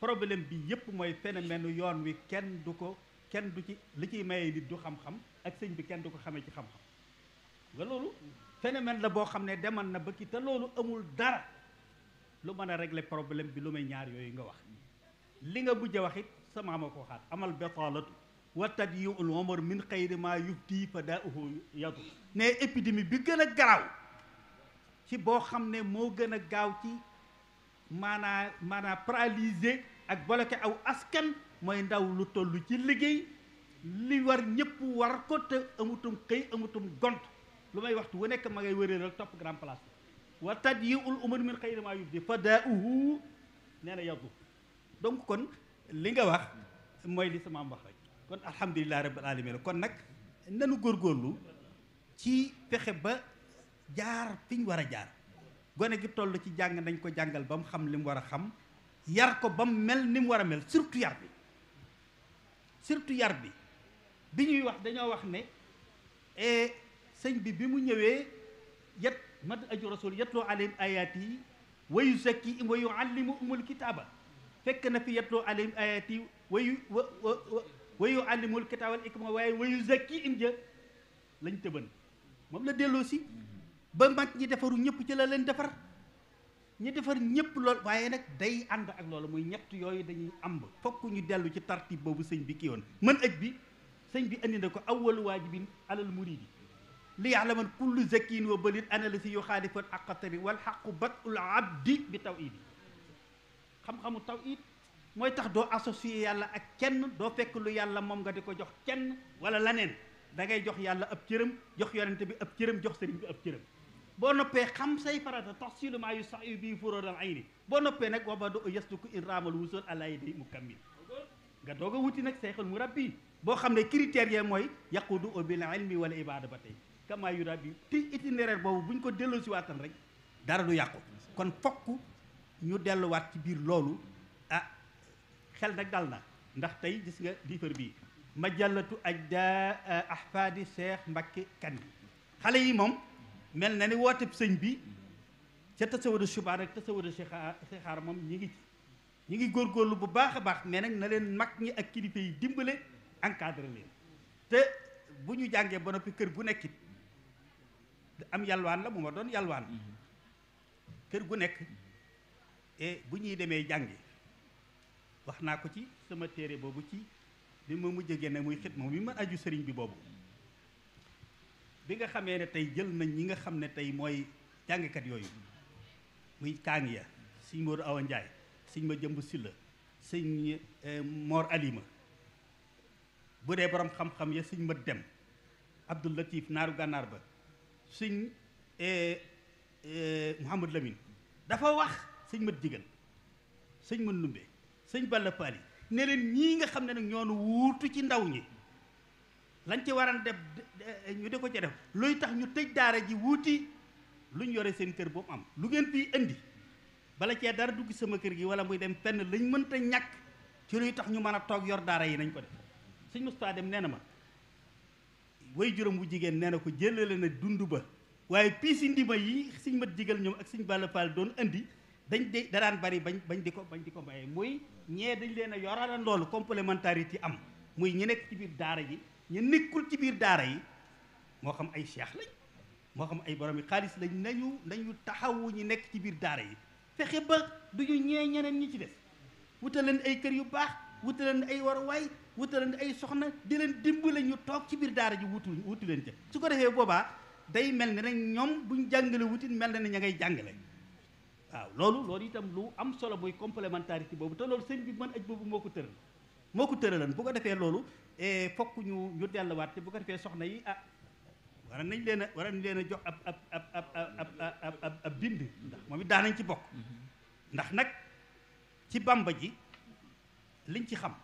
problème bi yépp mooy phénomène yoon wi kenn du ko kenn du ci li ciy mayee nit du xam-xam ak sëñ bi kenn du ko xame ci xam-xam phénomène la boo xam ne demal na ba ki te loolu amul dara lu mën a régler problème bi lu may ñaar yooyu nga wax li nga bujj wax sama ma ko xaat amal betaalatu wa tadyiul umr min xayri ma yubdi fa daahu yadu ne épidémie bi gën a garaaw ci boo xam ne moo gën a gaaw ci maanaa maanaa paralysé ak bloqué aw askan mooy ndaw lu toll ci liggéey li war ñëpp war ko te amutum xëy amutum gont lu may waxtu wu nekk ma ngay wëréeral topp grand place bi wa tadyiul umur min xayri ma yubdi fadaauhu nee na yaddu donc kon li nga wax mooy li sama am rek kon alhamdulilah rabbil alamin kon nag nenu góor góorlu ci fexe ba jaar fi war a jaar gone gi toll ci jàng nañ ko jàngal ba mu xam li mu war a xam yar ko ba mu mel ni mu war a mel surtout yar bi surtout yar bi bi ñuy wax dañoo wax ne eh, sëñ bi bi mu ñëwee yet mat aju rasul yetloo alayhim ayat yi wa yuzakkihim wa yuallimuhumul kitaaba fekk na fi yetloo alayhim ayat yi wa yu wa wa wayu kitaaba wal ikma lañ tëban moom la delloo si ba mag ñi defaru ñëpp ci la leen defar ñu defar ñëpp lool waaye nag day ànd ak loolu muy ñett yooyu dañuy amb fokk ñu dellu ci tartib boobu sëñ bi kii woon mën aj bi sëñ bi indi na ko awwalu waajibin alal muridi li yaalaman kullu zakin wa balin analyse yu xaalifan aqatari wal xaqu batul abdi bi tawhidi xam-xamu tawhid mooy tax doo associe yàlla ak kenn doo fekk lu yàlla moom nga di ko jox kenn wala laneen da ngay jox yàlla ab cëram jox yonente bi ab cëram jox sëriñ bi ab cëram boo noppee xam say farata tax yu sax yu bii furóodal ay ni boo noppee nag wabado yastuku in raamal wusul alayi day mu kammil nga doog a wuti nag sayxal mu rabbi boo xam ne critères yi mooy yaqudu o bil ilmi wala ibada ba tey kamaa yura bi ti itinéraire boobu bu ko delloo si waatan rek dara du yàqu kon fokk ñu delluwaat ci biir loolu ah xel nag dal na ndax tey gis nga liifar bii ma jàllatu aj da eh, ahfaadi mbakki Mbacké yi xale yi moom mel na ni woote sëñ bi ca tasawudu subaa rek tasawudu sixaar moom ñi ngi ñi ngi góor góorlu bu baax a baax mais nag na leen mag ñi ak kilifa yi dimbale encadre leen te bu ñu jàngee ba noppi kër bu nekkit am yalwaan la mu ma doon yalwaan mhm. kër gu nekk e bu ñuy demee jàngi wax naa ko ci sama téere boobu ci bi ma mujj génne muy xitma mi ma aju sëriñ bi boobu bi nga xamee ne tey jël nañ ñi nga xam ne tey mooy jàngkat yooyu muy kaang ya sëñ Modou Awa Ndiaye sëñ ma jëmb silla sëñ e, Mor Alima bu dee borom xam-xam ya sëñ ma dem Abdou Latif naaru gànnaar ba sëñ eh, eh, Mouhamad Lamine dafa wax sëñ mët digal sëñ mën lumbe sëñ Balla Paali ne leen ñii nga xam ne nag ñoonu wuutu ci ndaw ñi lañ ci waran def ñu di ko ca def luy tax ñu tëj daara ji wuuti lu ñu yore seen kër boobu am lu ngeen fii indi bala cee dara dugg sama kër gi wala muy dem fenn lañ mënta ñàkk ci luy tax ñu mën a toog yor daara yi nañ ko def sëñ Moustapha dem nee na ma way juróom wu jigéen nee na ko jëlale na dund ba waaye piisi ndima yi siñ mat jigal ñoom ak siñ bàll paal doon indi dañ de daraan bari bañ bañ di ko bañ di ko maye muy ñee dañ leen a yoraalan loolu complémentarité am muy ñi nekk ci biir daara ji ñu nekkul ci biir daara yi moo xam ay cheikh lañ moo xam ay borom yi xaalis lañ nañu nañu taxawu ñi nekk ci biir daara yi fexe ba duñu ñee ñeneen ñi ci des wutaleen ay kër yu baax wutaleen ay war waruwaay wutaleen ay soxna di leen dimbale ñu toog ci biir daara ji wutu wutu leen ca su ko defee boobaa day mel ni nag ñoom bu ñu jàngale wutit mel na ni ña ngay jàngale waaw loolu loolu itam lu am solo mooy ci boobu te loolu sëñ bi mën aj boobu moo ko tëral moo ko tëralan bu ko defee loolu eh, fokk ñu delluwaat te bu ko defee soxna yi ah war nañ leen a war nañ leen a jox ab ab ab ab ab ab ab bind moom it daanañ ci bokk mm-hmm. ndax nag ci bàmba ji liñ ci xam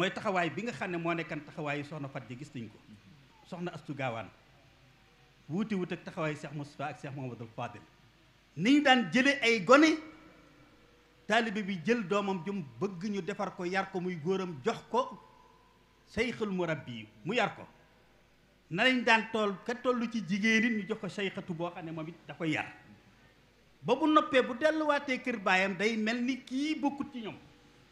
mooy taxawaay bi nga xam ne moo nekkan taxawaayu soxna Fat ja gis nañ ko soxna Astu Gaawaan wuute wut ak taxawaayu Cheikh Moustapha ak Cheikh Mouhamadul Fadil ni ñu daan jële ay gone taalibe bi jël doomam jum bëgg ñu defar ko yar ko muy góoram jox ko sayxul murabbi mu yar ko na lañ daan tool ka toll ci jigéen it ñu jox ko sayxatu boo xam ne moom it da koy yar ba bu noppee bu delluwaatee kër baayam day mel ni kii bokkut ci ñoom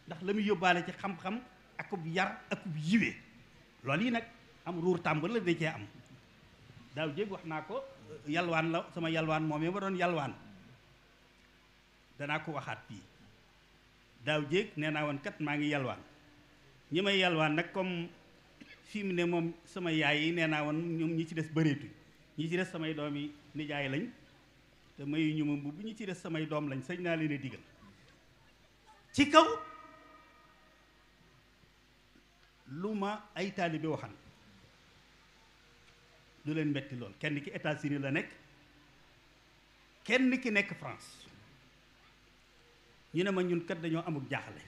ndax la muy yóbbaale ci xam-xam ak akub yar akub yiwee lool yi nag am ruur tàmbal la da cee am daaw jéeg wax naa ko euh, yalwaan la sama yalwaan moomee ma doon yalwaan danaa ko waxaat fii daaw jéeg nee naa woon kat maa ngi yalwaan ñi may yalwaan nag comme fii mu ne moom sama yaay yi nee naa woon ñoom ñu ci des bëreetuñ ñi ci des samay doom yi nijaay lañ te mayu ñu ma mbubb ñi ci des samay doom lañ sañ naa leen a digal ci kaw lu ma ay taalibe waxan lu leen metti lool kenn ki États-Unis la nekk kenn ki nekk France ñu ne ma ñun kat dañoo amul jaaxle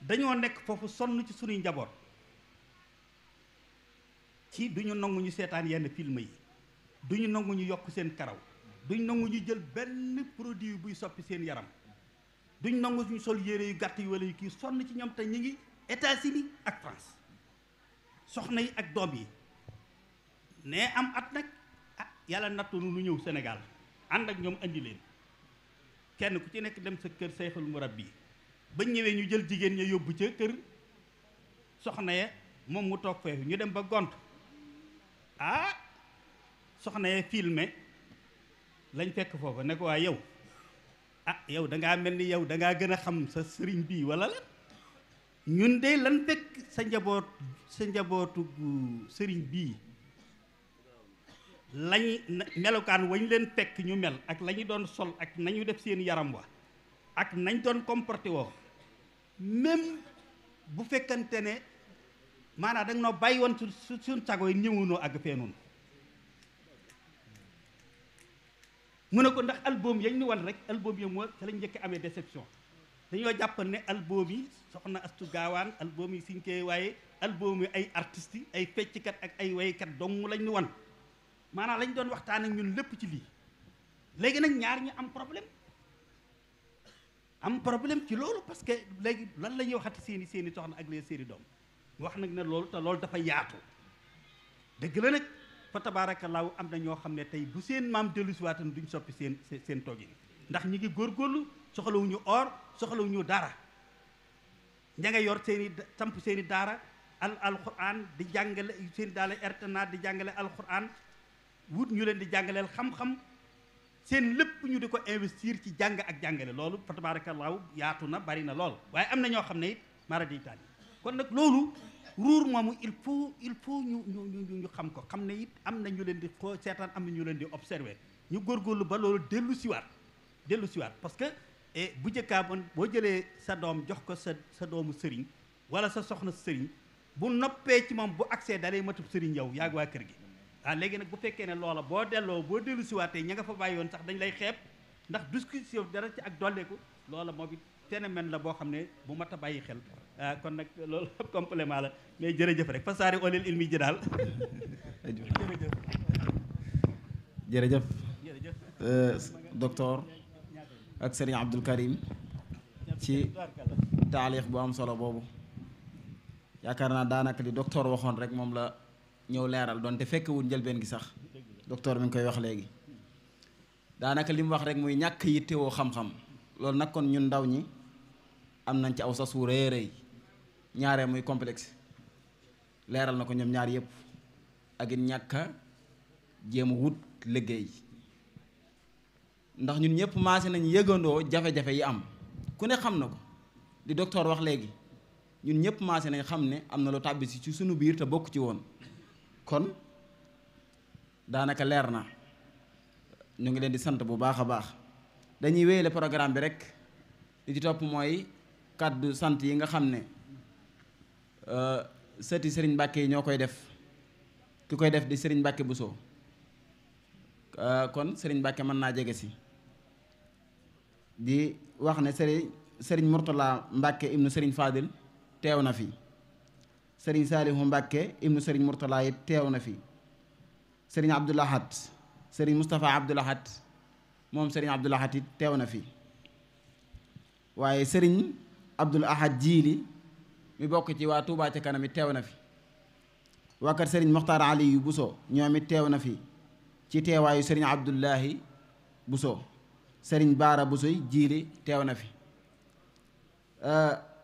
dañoo nekk foofu sonn ci sunuy njaboot ci duñu nangu ñu seetaan yenn film yi duñu nangu ñu yokk seen karaw duñ nangu ñu jël benn produit buy soppi seen yaram duñ nangu ñu sol yére yu gàtt yi wala yu kii sonn ci ñoom te ñi ngi États-Unis ak France soxna yi ak doom yi ne am at nag ah yàlla nattu nu ñëw Sénégal ànd ak ñoom andi leen kenn ku ci nekk dem sa kër sayxul murabbi ba ñëwee ñu jël jigéen ña yóbbu ca kër soxna ya moom mu toog feefu ñu dem ba gont ah soxna ya filmé lañ fekk foofu ne ko waa yow ah yow dangaa mel ni yow dangaa gën a xam sa sëriñ bii wala la ñun de lan fekk sa njaboot sa njabootu sëriñ bii lañ melokaan wañ leen fekk ñu mel ak la ñu doon sol ak nañu def seen yaram wa ak nañ doon comporté woo même bu fekkante ne maanaam danga noo bàyyi woon su sun sago yi ñëwunoo àgg fee noonu mu ne ko ndax album yañ ni wan rek album ya moo ca lañ njëkk amee déception dañoo jàppal ne album yi soxna astu gaawaan album yi siñ koy waaye album yi ay artist yi ay fecckat ak ay waykat dong lañ ñu wan maanaam lañ doon waxtaan ak ñun lépp ci lii léegi nag ñaar ñu am problème am problème ci loolu parce que léegi lan la ñuy waxati seeni seeni soxna ak les seeni doom wax nag ne loolu te loolu dafa yaatu dëgg la nag fa tabaarakallaahu am na ñoo xam ne tey bu seen maam dellusiwaatan duñ soppi seen seen yi ndax ñi ngi góorgóorlu soxlawuñu or soxlaw ñu dara ña nga yor seen i samp seen daara al alquran di jàngale seen i daara RTNA di jàngale alquran wut ñu leen di jàngaleel xam-xam seen lépp ñu di ko investir ci jàng ak jàngale loolu fa tabaarakallaahu yaatu na bari na lool waaye am na ñoo xam ne it maradi itaali kon nag loolu ruur moomu il faut il faut ñu ñu ñu xam ko xam ne it am na ñu leen di xoo seetaan am na ñu leen di observer ñu góorgóorlu ba loolu dellu siwaat dellu siwaat parce que bu njëkkaa bon boo jëlee sa doom jox ko sa sa doomu sëriñ wala sa soxna sëriñ bu noppee ci moom bu accès dalay matub sëriñ yow yaag waa kër gi ah léegi nag bu fekkee ne loola boo delloo boo dellu siwaatee ña nga fa bàyyi woon sax dañ lay xeeb ndax discussion dara ci ak dolleeku loola moo bi phénomène la boo xam ne bu mat a bàyyi xel ah, kon nag loolu complément la mais jërëjëf rek fasaari olil ilmi ji daal jërëjëf jërëjëf euh, docteur ak sëriñ Abdul Karim ci taalix bu am solo boobu yaakaar naa daanaka li docteur waxoon rek moom la ñëw leeral doon donte fekkewul njëlbeen gi sax docteur mi ngi koy wax léegi daanaka li mu wax rek muy ñàkk yittewoo xam-xam loolu nag kon ñun ndaw ñi am nañ ci aw sas wu rëy rëy ñaaree muy complexe leeral na ko ñoom ñaar yëpp ak it ñàkk jéem wut liggéey ndax ñun ñëpp maase nañ yëgandoo jafe-jafe yi am ku ne xam na ko di docteur wax léegi ñun ñëpp maase nañ xam ne am na lu tàbbi ci suñu biir te bokk ci woon kon daanaka leer na ñu ngi leen di sant bu baax a baax dañuy wéyale programme bi rek li ci topp mooy kàddu sant yi nga xam ne euh, sëti sëriñ Mbàkke yi ñoo koy def ki koy def di sëriñ Mbàkke Bousso euh, kon sëriñ Mbàkke mën naa jege si di wax ne sëriñ sëriñ Mourtala Mbacke ibnu sëriñ Fadil teew na fi sëriñ Saalihu Mbacke ibnu sëriñ Mourtala it teew na fi sëriñ Abdoul Ahad sëriñ Moustapha Abdoul moom sëriñ Abdoul Ahad it teew na fi waaye sëriñ Abdoul Ahad jiili mi bokk ci waa Touba ca kanam it teew na fi waa kër sëriñ Mokhtar Aliou Bousso ñoom it teew na fi ci teewaayu sëriñ Abdoulahi Bousso sëriñ baara bu soy jiili teew na fi euh,